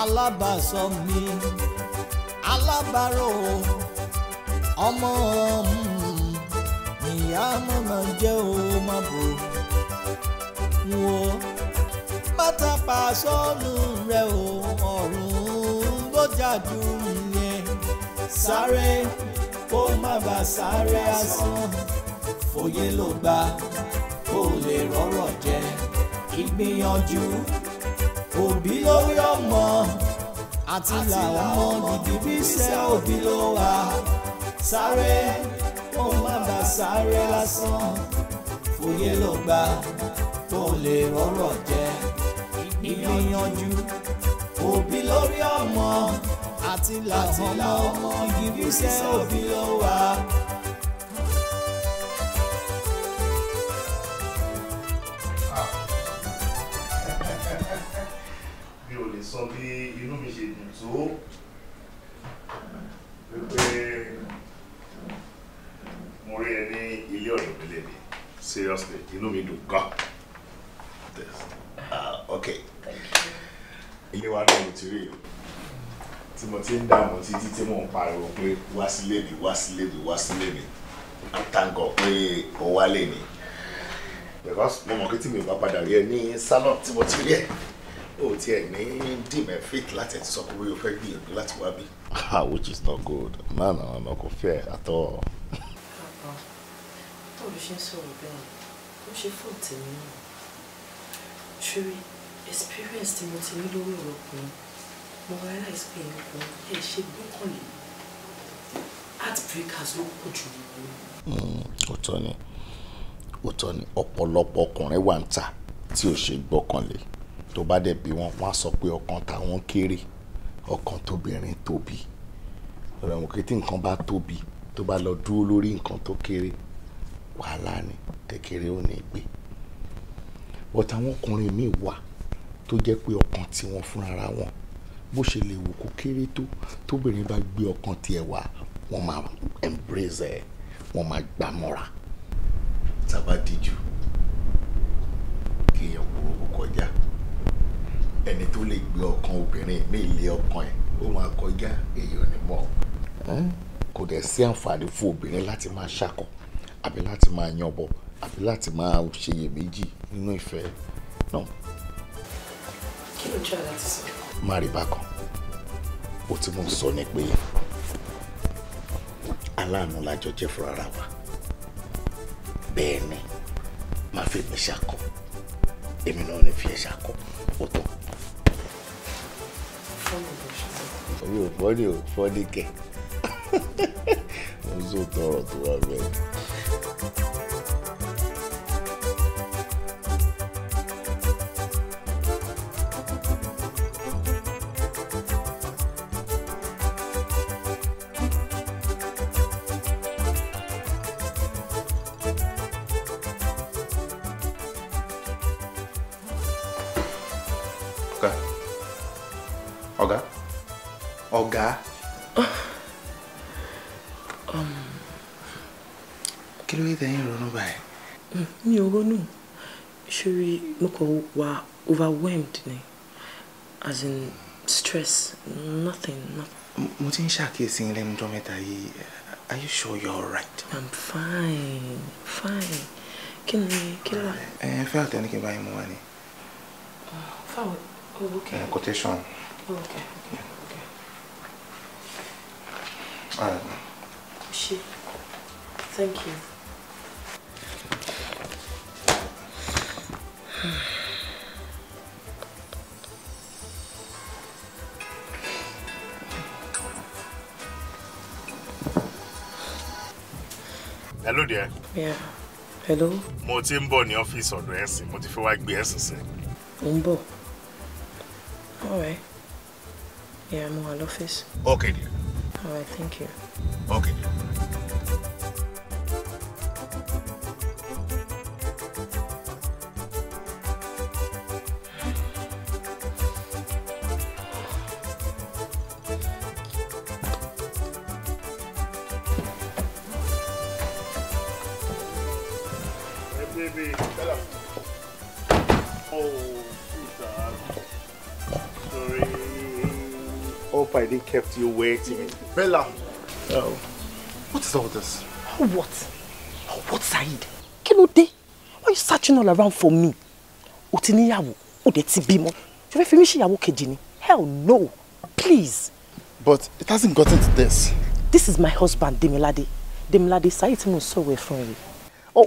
[SPEAKER 7] alábàásọ mi alábàárò ọmọ mm, ìyá mọ̀nà jẹ́ o má bò wò bàtà pàṣọ́nù rẹ̀ o ọ̀run ló jàdùn yẹn sáré kó má bàa sáré asán fòye ló gbà kó lè rọ́rọ̀ jẹ ìgbìyànjú òbí lórí ọmọ àti làwọn ọmọ dìbí iṣẹ́ òbí ló wà sáré kó má bàa sáré lásán fòye ló gbà kó lè rọ́rọ̀ jẹ ìgbìyànjú òbí lórí ọmọ àti làwọn ọmọ ìgbésẹ̀ òbí ló wà.
[SPEAKER 3] mi ò lè sọ bí inú mi ṣe dùn tó wípé mo rí ẹ ní ilé ọ̀dọ̀ pẹlẹbẹ seriously inú mi dùn gan. Uh, okay. Thank you. You are náà material tí mo ti ń dààmú títí tí mò ń pariwo pé wá sílé mi wá sílé mi wá sílé mi àtàǹgọ̀ pé ó wá lè because mo mọ̀ pé tí mi ò bá padà rí ẹ ní salon tí mo ti rí ẹ o tiẹ̀ ní dìmẹ̀ fake láti ẹ̀ ti sọ pé o fẹ́ gbìyànjú láti wá bí. ah which is not good náà náà náà kò fẹ́ at all.
[SPEAKER 4] tó o ṣe ń sọ̀rọ̀ bẹ́ẹ̀ ó ṣe fún tèmi náà
[SPEAKER 5] ṣúrí experience tí mo ti ní lórí ọ̀rọ̀ mo realize pé nǹkan ẹ ṣe gbọ́kànlé heartbreakers ló pọ̀ jù
[SPEAKER 2] nínú.
[SPEAKER 3] Hmm, òótọ́ ni òótọ́ ni ọ̀pọ̀lọpọ̀ ọkùnrin wà ń ta tí ò ṣe gbọ́kànlé tó bá dẹ̀ bí wọn wọ́n á sọ pé ọkàn táwọn kéré ọkàn tóbìnrin tóbi ọ̀rọ̀ ìwọ̀n kété nǹkan bá tóbi tó bá lọ dúró lórí nǹkan tó kéré wàhálà ni kékeré ò ní gbé ọ̀tàwọn ọkùnrin míì wà tó jẹ́ pé ọkàn tiwọn fúnra wọn bó ṣe lè wò kó kéré tó tóbìnrin bá gbé ọkàn tiẹ̀ wá wọ́n máa embrace ẹ̀ wọ́n máa gbà mọ́ra tàbá díjú kí èèyàn burúkú kọjá ẹni tó lè gbé ọkàn obìnrin ní ilé ọkàn ẹ̀ ó máa kọjá èèyàn ní mọ́ kò dẹ̀ sí àǹfààní fún obìnrin láti máa ṣàkọ àbí láti máa yanbọ àbí láti máa ṣeyèméjì nínú ìfẹ́ náà.
[SPEAKER 1] kí ló jẹ́ aláti sọ?
[SPEAKER 3] má rí bákan ó ti mú sọ ni pé aláàánú lájọ jẹ́ fúnra ra wa bẹ́ẹ̀ ni má fi mi ṣàkọ èmi náà ní fi ẹ ṣàkọ ó tán. mi ò fọ́ ni ò fọ́ ni kẹ̀ ó sọ tọrọ tó wà bẹ́ẹ̀. ọ̀gá.
[SPEAKER 1] Um.
[SPEAKER 2] kí ló dé tẹ̀yìn ronú báyìí.
[SPEAKER 4] Mm, mi ò ronú ṣórí
[SPEAKER 2] mo kàn wà overwhelmed ni as in stress
[SPEAKER 4] nothing.
[SPEAKER 3] mo ti ń
[SPEAKER 2] ṣàkíyèsí lẹ́nu ọjọ́ mẹ́ta yìí
[SPEAKER 3] are you sure you're
[SPEAKER 2] right? i'm fine fine
[SPEAKER 4] kí ni kí ló wà.
[SPEAKER 3] ẹ ẹ fẹ́ àtẹ ní kí n báyìí mo
[SPEAKER 1] wà ní.
[SPEAKER 4] Oh, fáwọn owó oh, kẹrin. quotation. Oh, okay. okay
[SPEAKER 1] ṣe
[SPEAKER 4] thank you.
[SPEAKER 3] hello there.
[SPEAKER 1] yeah hello.
[SPEAKER 3] mo ti ń bọ̀ ní ọ́fíìsì ọ̀dọ̀ ẹ̀sìn mo ti fi wá gbé ẹ̀sìn sí.
[SPEAKER 7] ò all right yeah,
[SPEAKER 2] I'm at office. okay dear. All right, thank you. Okay.
[SPEAKER 3] kept you waiting. Bella, oh, what is all this?
[SPEAKER 6] Oh,
[SPEAKER 2] what? Oh, what, Said? Kí ló dé? Why are you searching all around for me? Ó ti níyàwó, ó dẹ̀ ti bímọ. Ṣé o Hell no, please. But it hasn't gotten to this. This is my husband, Demilade. Demilade Said is mo sọ̀rọ̀ fún yín. Oh,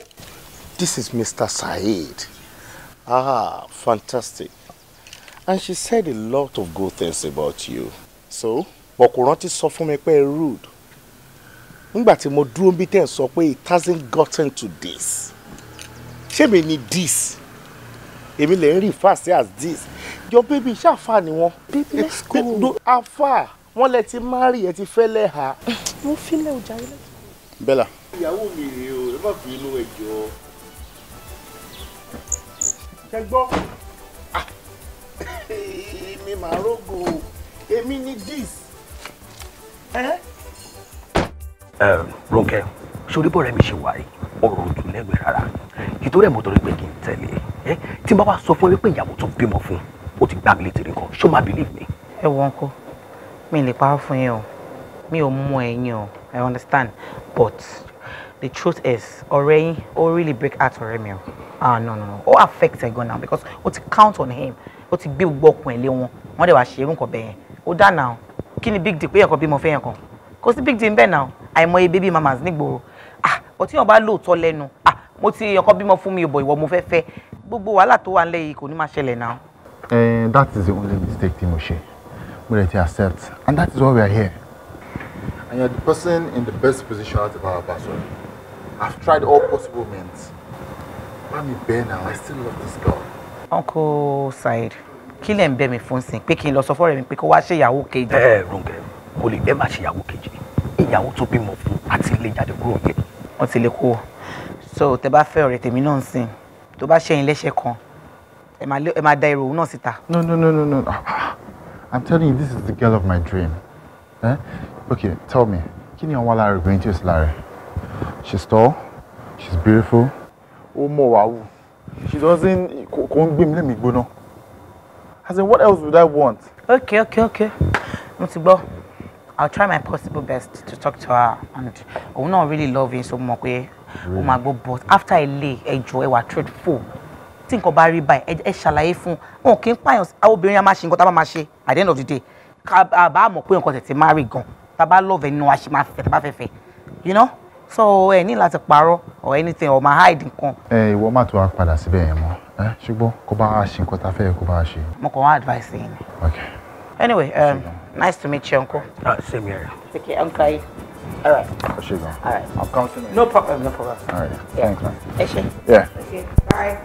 [SPEAKER 3] this is Mr. Said. Ah, fantastic. And she said a lot of good things about you. So, but kò rántí sọ fún mi pé rude nígbà tí mo dúró bí tẹ̀ sọ pé it hasn't gotten to this ṣé mi ni this èmi lè ń rí fàṣẹ as this your baby ṣe àfa ni wọn. baby let's go. àfa wọn lẹ ti marry ẹ ti fẹ́ lẹ́hà. mo filẹ̀ ọjà ilé. bella. ìyàwó mi rèé o ẹ má fi inú ẹ jọ. ṣe gbọ́ mi màá rògbò èmi ni
[SPEAKER 6] this.
[SPEAKER 2] Rónkẹ́ sórí
[SPEAKER 6] bọ̀rẹ́ mi ṣe wà yìí ọ̀rọ̀ òtún lẹ́gbẹ̀ẹ́ rárá ìtòrí ẹ̀ mo torí pé kì í tẹ̀lé e, ẹ tí n bá wá sọ fún ẹ pé ìyàwó tó bímọ fún ó ti gbá mi létí nìkan ṣó má believe mi.
[SPEAKER 2] ẹ wọ ọkọ mi lè parọ́ fún yín o mi ò mú ẹ̀yin o I understand but the truth is ọ̀rẹ́ yín ó really break out ọ̀rẹ́ mi o ah no no no ó affect ẹ gan now because ó ti count on him ó ti gbé gbogbo ọkùnrin lé wọn wọn dẹ̀ wá ṣe irú nǹkan bẹ́ẹ̀ yẹn ó dá now kí ni big deal pé ẹ̀kọ́ bímọ fẹ́ yẹn kan kò sí big deal bẹ́ẹ̀ náà àìmọye baby mamas nígboro ah ọtí yàn bá lóòótọ́ lẹ́nu ah mo ti ẹ̀kọ́ bímọ fún mi ìbọ̀ ìwọ mo fẹ́ fẹ́ gbogbo wàhálà tó wà nílẹ̀ yìí kò ní máa ṣẹlẹ̀ náà.
[SPEAKER 3] Eh, that is the only mistake tí mo ṣe mo lè ti accept and that is why we are here.
[SPEAKER 2] and you are the person in the best position out of our person
[SPEAKER 3] i have tried all possible means bami bẹ́ẹ̀ now i still love this girl.
[SPEAKER 2] uncle Said kí lẹ̀ ń bẹ mi fún sìn pé kí n lọ sọ fọ́ọ̀rẹ́ mi pé kó wá ṣe kejì. ẹ Ronke kò lè ẹ má ṣe kejì ìyàwó tó bímọ fún àti ilé jáde kúrò yẹ. wọn ti lè kó o so tẹ bá fẹ́ ọ̀rẹ́ tèmi náà sìn tó bá ṣẹyìn lẹ́sẹ̀ kan ẹ máa da èrò náà síta. no no no no no
[SPEAKER 3] i'm telling you this is the girl of my dream eh? okay tell me kí ni àwọn alára obìnrin tí ó lára she's tall she's beautiful ó mọ̀ wá wù she doesn't kò ń gbé mi lẹ́mìí gbóná.
[SPEAKER 2] I said, what else would I want? Okay, okay, okay. Mutibo, I'll try my possible best to talk to her and I not really loving, you so much. Really? Oh my God, but after I lay, ẹ jọ̀ọ́, ẹ wá truthful. Think of Barry by. báyìí, ẹ ṣàlàyé fún wọn kì í pààyàn àwọn obìnrin a machine. Got a machine. at the end of the day. Ká bá mọ̀ pé nǹkan tètè máa rí gan. love a no lọ́ọ̀fẹ́ nínú wa ṣe a bá You know? So any ní láti or anything or máa hide nǹkan.
[SPEAKER 3] Ẹ ìwọ má tún wá padà síbẹ̀ yẹn mọ́ ẹ ṣùgbọ́n kó bá a ṣe nǹkan tá a fẹ́ yẹ kó bá a ṣe.
[SPEAKER 2] mo kàn wá advice yín ni. okay. anyway um, nice to meet you uncle. Uh, same here. okay uncle ayi. all right. ṣe gan. all right i'm counting on no problem no problem. all right yeah. thanks man. ẹ ṣe. yeah. okay bye.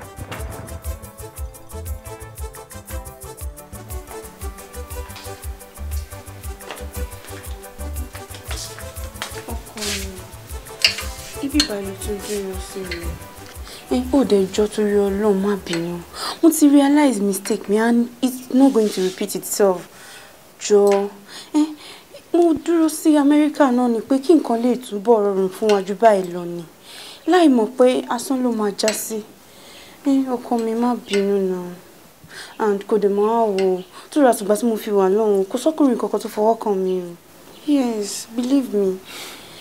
[SPEAKER 4] ibi ìbàlẹ̀ tó yọ sí mi. Oh, ó dẹ̀ jọ́ torí ọlọ́run má bínú mo you realize mistake mi and it's not going to repeat itself jọ eh, mo you sí amẹ́ríkà náà ni pé kí nǹkan lè túbọ̀ rọrùn fún wa ju báyìí lọ ni láì mọ̀ pé asán ló máa já sí eh, ọkọ mi má bínú náà and kò dẹ̀ máa wò ó tóra àtùgbà tí mo fi wà lọ́hùn kò sọ́kùnrin kankan tó fọwọ́ kàn mí yes believe me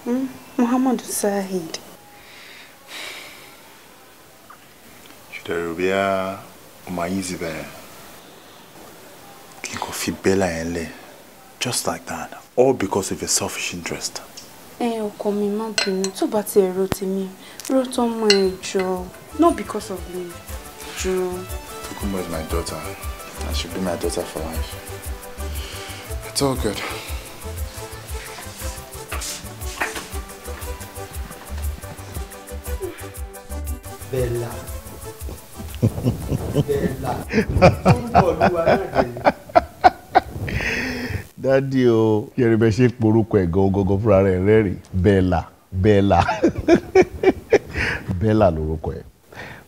[SPEAKER 4] hmm, Muhammad Sahid.
[SPEAKER 3] dẹ̀rù bí a máa yí sí bẹ́ẹ̀ kí kò fi bẹ́là yẹn lẹ̀ just like that all because of your selfish interest.
[SPEAKER 4] ẹ ọkọ mi má bínú tó bá ti ẹ̀rọ tèmi ró tó mọ ẹ jọ not because of me jọ.
[SPEAKER 3] Fukumo is my daughter and she be my daughter for life it's all good.
[SPEAKER 7] Bella
[SPEAKER 3] dádì o yẹrìbẹ ṣe porúkọ ẹ̀ gan gangan fúnra rẹ̀ rẹ́rìn bẹ́ẹ̀là bẹ́ẹ̀là bẹ́ẹ̀là lorúkọ ẹ̀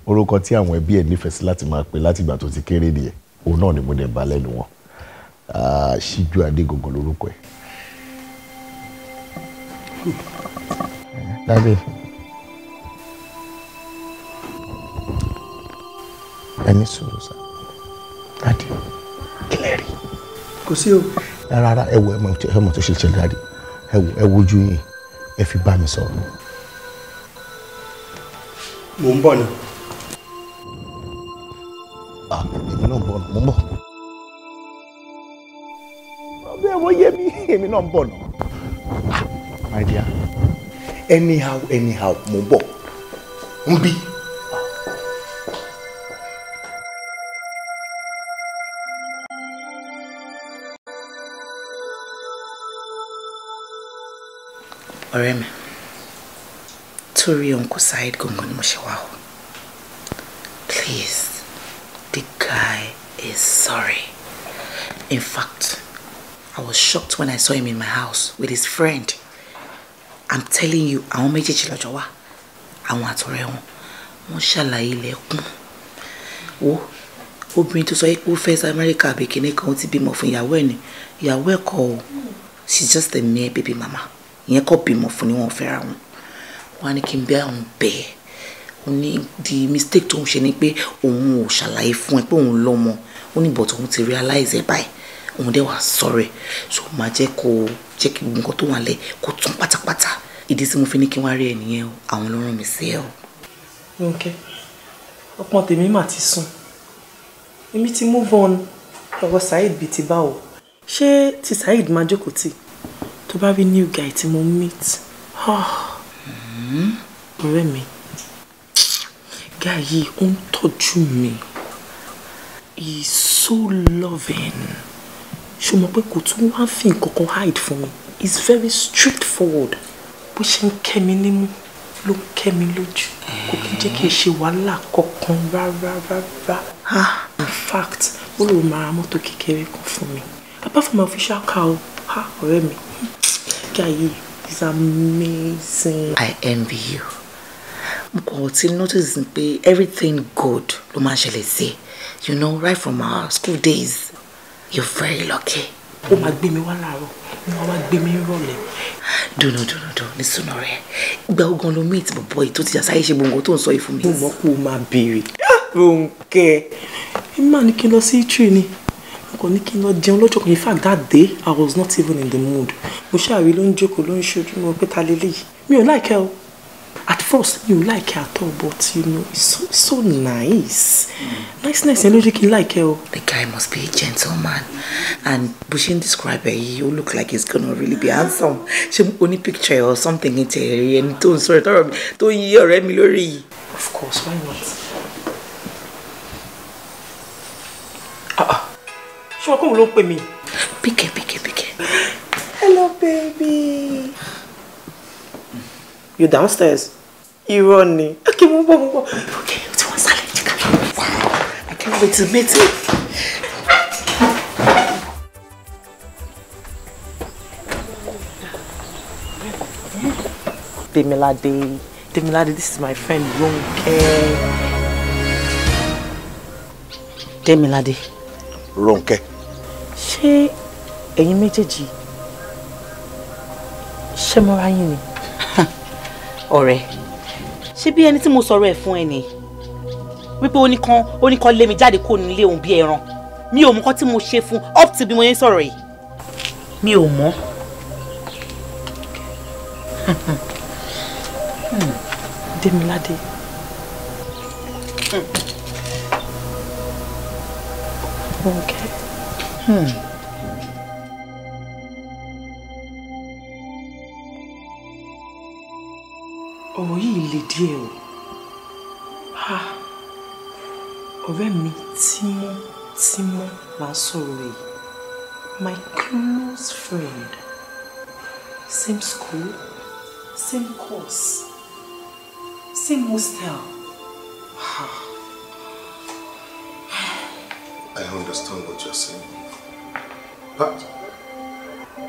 [SPEAKER 3] orúkọ tí àwọn ẹbí ẹ̀ nífẹ̀ẹ́ sí láti máa pè láti ìgbà tó ti kéré nìyẹn òun náà ni mo dẹ̀ bá lẹ́nu wọn ṣíjú adé lorúkọ ẹ̀. ẹ ní sùúrù sá
[SPEAKER 6] dáàdì kílẹ̀ rí. kò sí o.
[SPEAKER 3] rárá ẹ wo ẹ mọ̀ tó ṣe ṣẹlẹ̀ dáàdì ẹ wo ẹ wojú yìí ẹ fi bá mi sọ̀rọ̀. mò ń bọ̀ ni. Ah, èmi náà ń bọ̀ mò ń bọ̀. bẹ́ẹ̀ wọ́n yé mi èmi náà ń bọ̀ nù. my dear anyhow anyhow mò ń bọ̀ ń bí.
[SPEAKER 2] ọ̀rẹ́ mi torí uncle Saheed gangan ni mo ṣe wá o please the guy is sorry in fact I was shocked when I saw him in my house with his friend I'm telling you àwọn méjèèjì lọ́jọ́ wá àwọn àtọ̀rẹ́ wọn wọ́n ṣàlàyé ilẹ̀kùn wo obìnrin tó sọ pé ó fẹ́ sí amẹ́ríkà àbí kìnìún kan ó ti bímọ fún ìyàwó ẹ̀ ni ìyàwó ẹ̀ kọ́ o she's just a mere baby mama ìyẹn kọ́ bímọ fún ni wọ́n fẹ́ra wọn wọ́n á ní kí n bí àwọn bẹ́ẹ̀ ó ní the mistake tó ń ṣe ni pé òun ò ṣàlàyé fún ẹ pé òun lọ́mọ ó ní but òun ti realize ẹ báyìí òun dẹ̀ wá sorry so máa jẹ́ kó jẹ́ kí gbogbo nǹkan tó wà lẹ̀ kó tún pátápátá ìdí tí mo fi ní kí wọ́n rí ẹ nìyẹn o àwọn ló rán mi sí ẹ o. Ronke ọpọn tèmi mà ti sùn èmi ti move on ọwọ Saheed bíi ti báwo ṣé ti Saheed máa jókòó tì í tó bá rí new guy tí mo meet ah. hmm? ọ̀rẹ́ mi guy yìí ó ń tọ́jú mi he is so loving ṣùgbọ́n pé kò tún wá fi nǹkan kan hide fún mi he is very straightforward bó ṣe ń kẹ́ mi nímú ló ń kẹ́ mi lójú kò kí jẹ́ kí n ṣe wàhálà kankan rárá ah, in fact ó lè máa mọ́tò kékeré kan fún mi apart from my official car ah, ọ̀rẹ́ mi. Kaye, is amazing. I envy you. Mo kàn notice pé everything good ló máa ń ṣẹlẹ̀ you know right from our school days you're very lucky. Ó máa gbé mi wá láàárọ̀, wọ́n máa gbé mi rọ̀lẹ́. Do no, do ní súnà rẹ̀. Ìgbà ogun lo meet bọ̀bọ̀ yìí tó ti àṣàyè ṣe gbòǹgbò tó ń sọ yìí fún mi. Mo mọ̀ pé o máa béèrè. Ah, Ronke, ẹ máa ní kí n ni kò ní kí n lọ jẹun lọ́jọ́ kan in fact that day i was not even in the mood mo ṣàrí ló ń jókòó ló ń ṣojú mo pé ta lélẹ̀ yìí mi ò láìkẹ́ o at first mi ò láìkẹ́ at all but you know it's so, it's so nice mm. niceness yẹn ló jẹ́ kí n láìkẹ́ o. the guy must be a gentleman and bó ṣe ń describe ẹ yìí ó look like he's gonna really be handsome ṣé o ní picture or something ní tẹ̀rí ẹni tó ń sọ̀rọ̀ tọ̀rọ̀ mi tó yí ọ̀rẹ́ mi lórí yìí.
[SPEAKER 1] of course why not.
[SPEAKER 2] Uh -uh ṣé wọn kóhùn ló ń pè mí. Bíkẹ́ Bíkẹ́
[SPEAKER 4] Bíkẹ́. hello baby.
[SPEAKER 2] you downstairs. irọ́ ni.
[SPEAKER 4] okay mo ń bọ̀ mo ń bọ̀. okay o ti wọ́n sálẹ̀ jẹ́ ká lọ. wow I can't wait
[SPEAKER 2] to meet you. Demilade. Demilade, this is my friend Ronke. Demilade. Ronke ṣé ẹ̀yin méjèèjì
[SPEAKER 5] ṣé mọ́ra yín ni.
[SPEAKER 2] ọ̀rẹ́ ṣé bí ẹni tí mo sọ̀rọ̀ ẹ̀ fún ẹ ni wípé oníkan oníkan lé mi jáde kó nílé òun bí ẹran mi ò mọ nǹkan tí mo ṣe fún up to bí mo yẹn sọ̀rọ̀ yìí mi ò mọ̀.
[SPEAKER 6] Demilade.
[SPEAKER 1] Ronke. Hmm. hmm. díẹ̀ o ah,
[SPEAKER 2] ọ̀rẹ́ mi tímọ́tímọ́ máa sọ̀rọ̀ yìí my close friend same school same course
[SPEAKER 5] same hostel. Ah.
[SPEAKER 3] I understand what you're saying. But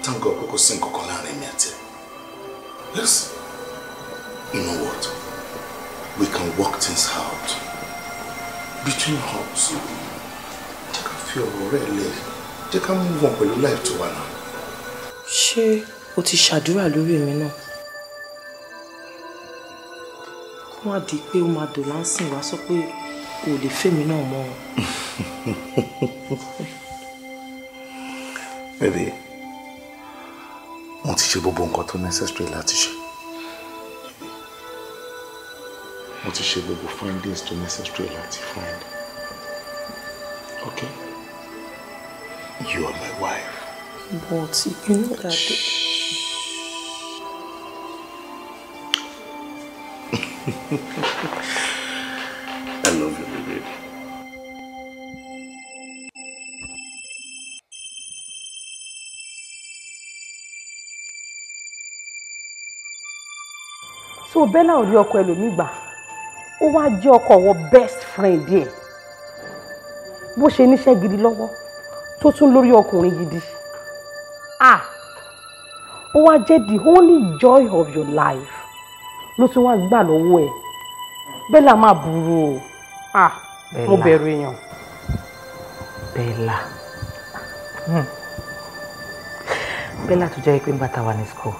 [SPEAKER 3] thank God kò sí nǹkan kan láàrin Yes. You know what? we can work things out between us jẹ́ ká fi ọ̀rọ̀ rẹ̀ lẹ̀ jẹ́ ká move on pẹ̀lú life tó wà náà.
[SPEAKER 2] ṣé o ti ṣàdúrà lórí mi náà kó má di pé ó máa dòlà ń sìn wá sọ pé o ò lè fèmí náà
[SPEAKER 3] necessary láti mo ti ṣe gbogbo findings tó necessary láti find okay you are my wife.
[SPEAKER 4] but you know
[SPEAKER 1] that. I love you, baby.
[SPEAKER 2] so bella ò rí ọkọ ẹlòmíì gbà ó wá jẹ́ ọkọ wọ best friend ẹ̀ bó ṣe níṣẹ́ gidi lọ́wọ́ tó tún lórí ọkùnrin gidi ah ó wá jẹ́ the only joy of your life ló tún wá gbà lọ́wọ́ ẹ̀ bẹ́là máa burú o ah mo bẹ̀rù èèyàn. bẹ́là hmm. bẹ́là tó jẹ́ pé ń bàtà wà ní school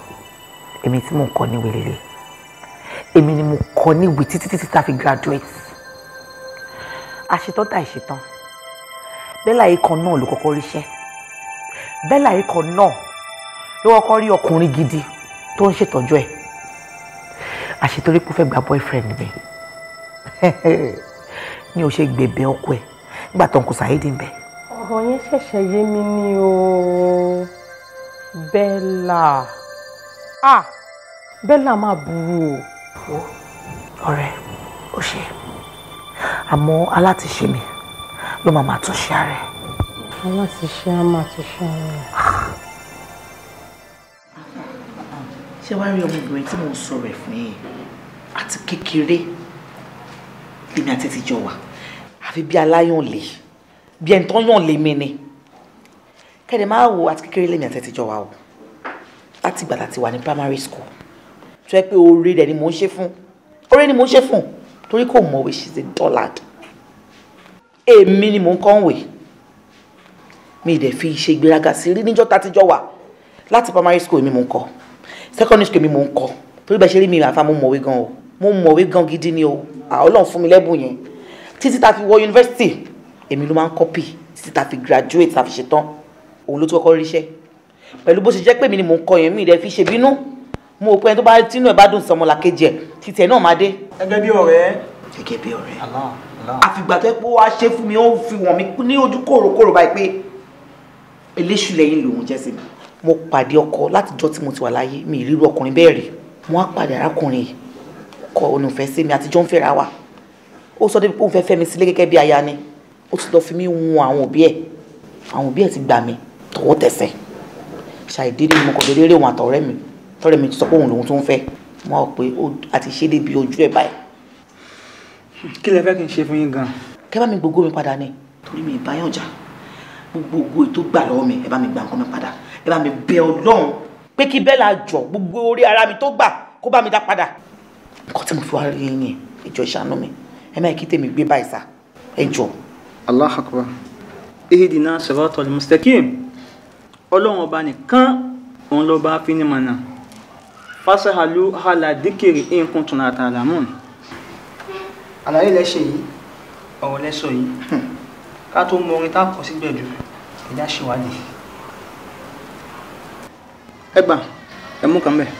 [SPEAKER 2] èmi tí mò ń kọ́ ní wẹ́lẹ́lẹ́ èmi ni mo kọ níwèé títí títí tá a fi graduate àṣetán tá ìṣetán bẹ́là yìí kan náà ló kọ́kọ́ ríṣẹ́ bẹ́là yìí kan náà ló kọ́kọ́ rí ọkùnrin gidi tó ń ṣètọ́jú ẹ̀ àṣetorí pé ó fẹ́ gba boyfriend mi ni o ṣe gbèbè ọkọ ẹ̀ nígbà tó ń kó sàyédì ń bẹ.
[SPEAKER 4] ọ̀rọ̀ yẹn ṣẹ̀ṣẹ̀ yé mi ni o
[SPEAKER 2] bẹ́là ah bẹ́là máa burú o wò ọ̀rẹ́ ó ṣe àmọ́ alátiṣe mi ló máa máa túnṣe ara ẹ̀. alátiṣe á máa túnṣe ara ẹ̀. ṣé wàá rí ọmọbìnrin tí mò ń sọ̀rọ̀ ẹ̀ fún yìí àti kékeré lèmi àti ti jọ wà àfi bí aláyàn lè bí ẹni tó yàn lè mi ni kẹ́ni máa wo àti kékeré lèmi àti ti jọ wà o láti ìgbà tá a wà ní primary school tó yẹ pé oore rẹ̀ ni mò ń ṣe fún oore ni mò ń ṣe fún torí kò mọ̀wé she is a dullard èmi ni mò ń kọ́ǹwé mi ì dẹ̀ fi ṣe ìgbéraga sí rí níjọ́ tá ti jọ wà láti primary school mi mò ń kọ́ secondary school mi mò ń kọ́ torí bẹ́ẹ̀ ṣe rí mi àfa mo mọ̀wé gan o mo mọ̀wé gan gidi ni o àwọn ọlọ́run fún mi lẹ́bùn yẹn títí tá fi wọ yunifásitì èmi ló máa ń kọ́pì títí tá fi graduate tá fi ṣetán òun ló tún kọ́kọ́ ríṣẹ́ pẹ̀lú bó ṣe jẹ́ pé mi ni mò ń kọ́ yẹn mi ì dẹ̀ fi ṣèbínú mo pẹ́ tó bá tínú ẹ̀ bá dùn sọmọlá kejì ẹ̀ títẹ̀ náà máa dé. gẹ́gẹ́ bí ọ̀rẹ́. gẹ́gẹ́ bí ọ̀rẹ́. àfìgbà tó ẹ pé wàá ṣe fún mi ó fi wọ̀n mi ní ojú kòròkòrò báyìí pé eléṣù lẹ́yìn lòun jẹ́ sí mi. mo pàdé ọkọ látijọ́ tí mo ti wà láyé mi ìrírú ọkùnrin bẹ́ẹ̀ rí mo á pàdé arákùnrin yìí kọ onífẹ́ sí mi àtijọ́ ń fẹ́ra wa ó sọ débi pé òun fẹ́ fẹ́ mi sílé gẹ́gẹ́ bí aya ni ó ti lọ fi mí hun àwọn òbí ẹ̀ àwọn òbí ẹ̀ ti gbà mí tọwọ́ tẹsẹ̀ ṣàìdí ni mo kọ̀ déédéé wọn àtọ̀rẹ́ mi tọ́rẹ́ mi ti sọ pé òun lòun tó ń fẹ́ mo á pé a ti ṣe é débi ojú ẹ̀ báyìí. kí lẹ fẹ́ kí n ṣe fún yín gan-an. kẹ́ bá mi gbogbo mi padà ni torí mi ìbáyàn jà gbogbo ètò gbà lọ́wọ́ mi ẹ bá mi gbà nǹkan mi padà ẹ bá mi bẹ ọlọ́run pé kí bẹ́là jọ gbogbo orí ara mi tó gbà kó bá mi dá padà. nǹkan tí mo fi wá rí yín yẹn ìjọ ìṣàánú mi ẹ má kí tèmi gbé báyìí sá ẹ jọ. allah akbar
[SPEAKER 6] ihdina siratal mustaqim ọlọ́run fásahalu hala díkìrì nǹkan tún náà tààlà
[SPEAKER 2] mọ́ ni. àlàyé lẹ́sẹ̀ yìí ọ̀rọ̀ lẹ́sọ̀ yìí hmm. ká tó mọ orin tá a kọ sígbẹ̀jù ẹ̀dá ṣèwádìí.
[SPEAKER 6] ẹ gbà ẹ mú kan bẹ́ẹ̀.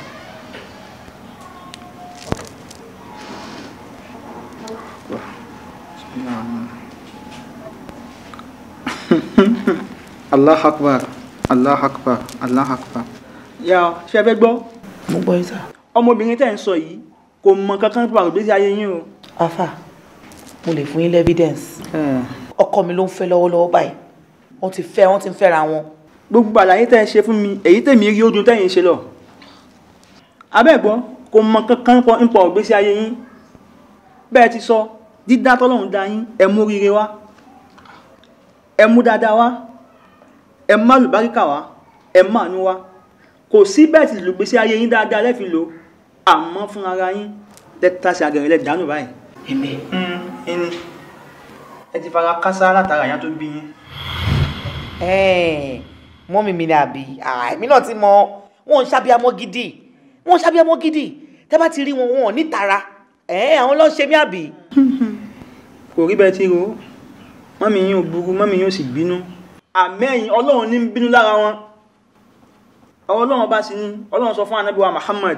[SPEAKER 6] Allah akbar Allah akbar Allah akbar.
[SPEAKER 2] yà ṣe fẹ́ gbọ́ mo gbọ́ ìta. ọmọbìnrin tẹ́ ń sọ yìí kò mọ kankan pa ògbésí ayé yín o. afa mo lè fún yín lẹ́fídẹ́ǹsì. ọkọ mi ló ń fẹ́ lọ́wọ́lọ́wọ́ báyìí wọ́n ti fẹ́ wọ́n ti ń fẹ́ra wọn. gbogbo àlàyé tẹ́ ẹ ṣe fún mi èyí tèmi rí ó dùn tẹ́yìn ṣe lọ. abẹ́gbọ́ kò mọ kankan pa ògbésí ayé yín bẹ́ẹ̀ ti sọ dídá tọ́lọ́run dá yín ẹ mú rire wá ẹ mú dáadáa wá ẹ má lùbáríkà wá ẹ má àánú wá kò sí bẹ́ẹ̀ tí lògbèsè ayé yín dáadáa lẹ́fi lò àmọ́ fún ara yín lẹ́tà sí agẹ̀rẹ̀ lẹ́ dànù báyìí. èmi ẹni mm, ẹ ti fara kásá látara
[SPEAKER 7] ìyá tó bí yín.
[SPEAKER 2] mọ́ mi mi ni àbí ah, èmi náà ti mọ wọn ń ṣàbíamọ́ gidi wọn ń ṣàbíamọ́ gidi tẹ́ bá ti rí wọn wọn ò ní tara àwọn ló ń ṣe mí àbí. kò rí bẹ́ẹ̀ tí ro mọ́mí yín ò burú mọ́mí yín ò sì bínú àmẹ́yìn ọlọ́run ní bínú lára wọn ọlọ́run bá sì ní ọlọ́run sọ fún anábíwá muhammad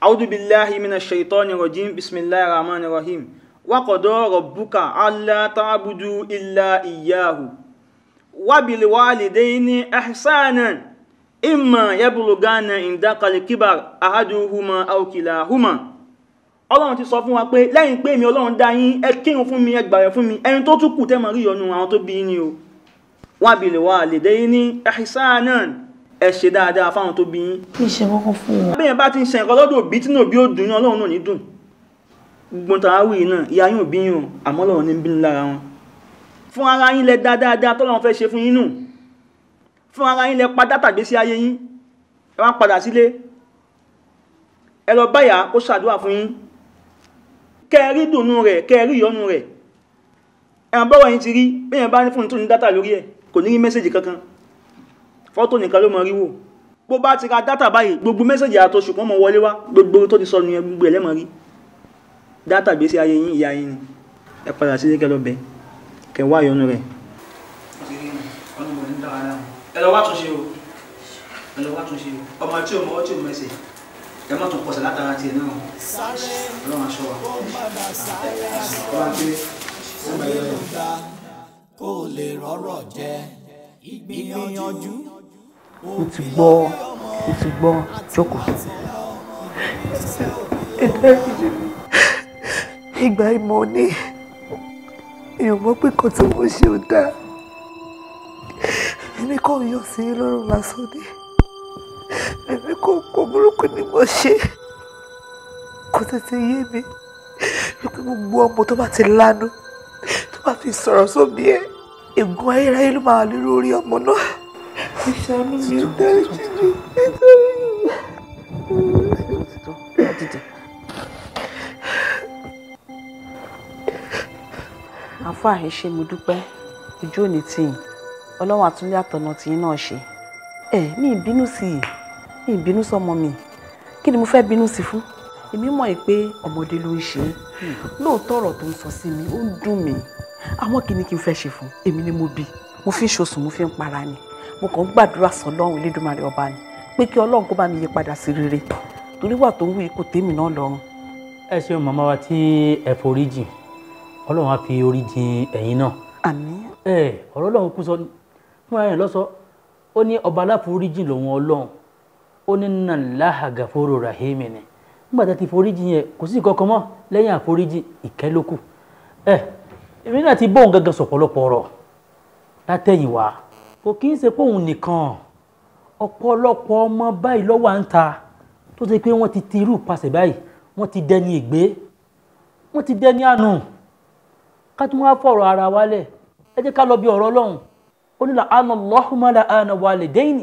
[SPEAKER 2] audubillahi mina shaitani rajim bismillahi rahman rahim wakọ̀dọ̀ rabbuka alla ta'budu illa
[SPEAKER 6] iyyahu wabil walidaini ihsanan imma yablugana indakal kibar ahaduhuma aw kilahuma
[SPEAKER 2] ọlọ́run ti sọ fún wa pé lẹ́yìn pé mi ọlọ́run dá yín ẹ kírun fún mi ẹ gbààwẹ̀ fún mi ẹni tó tún kù tẹ́ àwọn tó bí yín o wabil walidaini ihsanan ẹ ṣe dáadáa fáwọn tó bí yín.
[SPEAKER 4] kí n ṣe kọ́kọ́ fún wọn.
[SPEAKER 2] bẹ́ẹ̀ bá ti ń ṣe nǹkan lọ́dọ̀ òbí tí òbí ò dùn yín ọlọ́run náà ní dùn gbogbo tàwáwì náà ìyá yín ò bí yín o àmọ́ ọlọ́run ní bí lára wọn. fún ara yín lẹ dá dáadáa tọ́lọ́run fẹ́ ṣe fún yín nù fún ara yín lẹ pa dátà gbé sí ayé yín ẹ wá padà sílé ẹ lọ báyà kó ṣàdúrà fún yín kẹ ẹ rí dùnú rẹ kẹ ẹ rí ìyọnu rẹ ẹ bọ́wọ́ yín ti rí bẹ́ẹ̀ bá ní fún un tó ní dátà lórí ẹ̀ kò ní rí mẹ́sẹ̀jì kankan fọ́tò nìkan ló mọ rí wò bó
[SPEAKER 6] bá ti ra dátà báyìí gbogbo mẹ́sẹ̀jì àtọ̀ṣù kan mọ̀ wọlé wá gbogbo tó ti sọ nìyẹn gbogbo ẹ̀ lẹ́mọ̀ rí
[SPEAKER 2] dátà gbèsè ayé yín ìyá yín ni ẹ padà sílé kẹ lọ bẹ kẹ wá ìyọnu rẹ. ẹ lọ wá túnṣe o ẹ lọ wá túnṣe o ọmọ tí o mọ ọtí o mẹsẹ ẹ má tún pọ̀sẹ̀ látara
[SPEAKER 7] lè rọrọ̀ jẹ ìgbìyànjú mo ti gbọ́ mo ti gbọ́ jókòó.
[SPEAKER 1] ìgbà ìmọ̀ ni èèyàn mọ̀ pé kan tí wọ́n ṣe ò dáa èmi kò yọ sí lọ́rùn lásán ni
[SPEAKER 2] èmi kò kó burúkú ni mo ṣe kò tètè yé mi wípé gbogbo ọmọ tó bá ti lanu tó bá fi sọ̀rọ̀ sóbi ẹ̀ ègún ayérayé ló máa lérò orí ọmọ náà ìṣàánú mi dárí jì mí nítorí
[SPEAKER 4] àfáà ẹ ṣé mo dúpẹ́
[SPEAKER 2] ojú òní tì yín ọlọ́run àtúndí àtọ̀nà tì yín náà ṣe ẹ mi ìbínú sí i mi ìbínú sọmọ mi kí ni mo fẹ́ bínú sí fún èmi mọ̀ ẹ́ pé ọmọdé ló ń ṣe é lóòótọ́ ọ̀rọ̀ tó ń sọ sí mi ó ń dùn mí àmọ́ kí ni kí n fẹ́ ṣe fún èmi ni mo bí mo fi ń ṣoṣù mo fi ń para ni mo kàn ń gbàdúrà sọ lọ́run Elédùmarè ọba ni pé kí ọlọ́run kó bá mi yí padà sí rere torí wà tó ń wí kò tèmi náà lọ́rùn. ẹ ṣeun màmá
[SPEAKER 6] wa tí ẹ forí jìn á fi orí jìn ẹ̀yin náà. àmín. ẹ ọ̀rọ̀ ọlọ́run kú sọ fún ẹ̀yìn lọ́sọ ó ní ọba aláforíjìn lòun ọlọ́run ó ní nàláhà ni nígbà tá a ti foríjìn yẹn kò sí ẹ èmi náà ti bóun gángan kò kí ń ṣe pé òun nìkan ọ̀pọ̀lọpọ̀ ọmọ báyìí lọ́wọ́ à ń ta tó ṣe pé wọ́n ti ti irú ìpasẹ̀ báyìí wọ́n ti dẹni ègbé wọ́n ti dẹni àánú ká tún wá fọ̀rọ̀ ara wa lẹ̀ ẹ jẹ́ ká lọ bí ọ̀rọ̀ Ọlọ́run ó ní làánà lọ́hùnmọ́lá àánà wà lè dẹ́yìn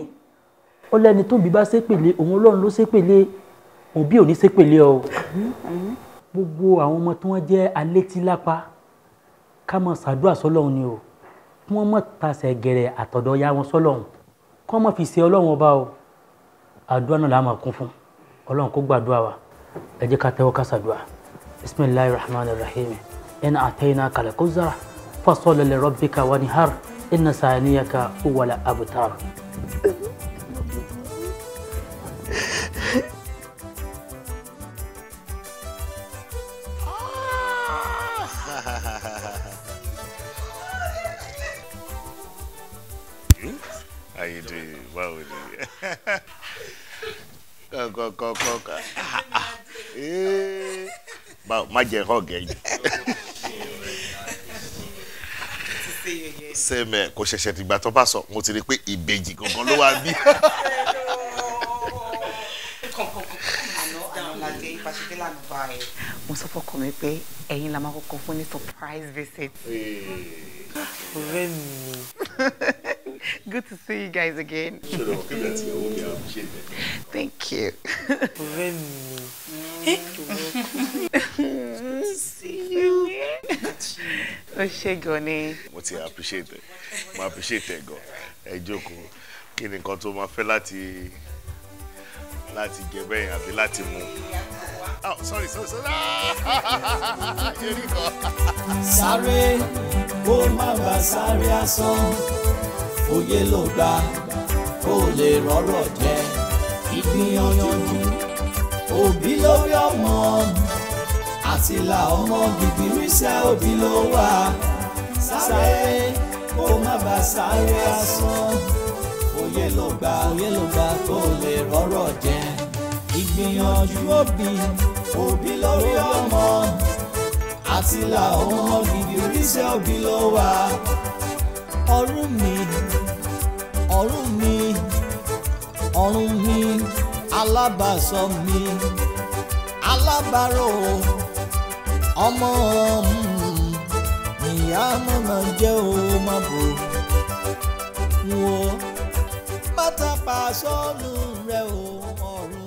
[SPEAKER 6] ó lẹ́ni tó bí bá ṣépèlé òun Ọlọ́run ló ṣépèlé òbí ò ní ṣépèlé o gbogbo àwọn ọmọ tí wọ́n jẹ́ alétílápá ká máa ṣàdúrà sọ́lọ́run ni o kí wọ́n mọ̀ tasẹ̀ gẹ̀rẹ̀ àtọ̀dọ̀ ya wọn sọ́lọ́hún kí wọ́n mọ̀ fi ṣe ọlọ́run ọba o àdúrà náà la máa kún fún ọlọ́run kó gbàdúrà wa ẹ jẹ́ ká tẹ́wọ́ ká ṣàdúrà bisimilahi rahman rahim ẹnna àtẹ́yìn náà kàlẹ́ kó zara fasọ́lẹ̀ lẹ́rọ̀ bíkà wani har ẹnna sàníyàkà ó wàlẹ̀ abutar.
[SPEAKER 3] kọkọkọkọ má jẹ hug ẹ jù sẹmẹ kò ṣẹ̀ṣẹ̀ tìgbà tó bá sọ mo ti rí pé ìbejì gangan ló wà bí.
[SPEAKER 2] mo sọ fọkọ mi pé ẹ̀yin la máa kọ́kọ́ fún ní surprise visit. ọ̀rẹ́
[SPEAKER 4] mi. Good to see you guys again. Thank you. see you. Ó ṣé gan
[SPEAKER 3] appreciate it. Mo appreciate it gan. Ẹ jókòó. Kí ni nǹkan felati. máa fẹ́ láti láti jẹ bẹ́ẹ̀ àbí láti mu.
[SPEAKER 7] Oh, sorry, sorry, sorry. Oh my bad. Sorry, I saw òye ló gbà kó lè rọ́rọ̀ jẹ ìgbìyànjú òbí lórí ọmọ àti là ọmọ gidi ríṣẹ́ òbí ló wà sáré kó má bàa sáré asán òye ló gbà òye ló gbà kó lè rọ́rọ̀ jẹ ìgbìyànjú òbí òbí lórí ọmọ àti là ọmọ gidi ríṣẹ́ òbí ló wà ọrùn mi ọ̀run mi ọ̀run mi alábàásọ mi alábàárò ọmọ mm, ìyá mọ̀nà jẹ́ o má bò wọ́n má tàpá rẹ̀ o ọ̀run.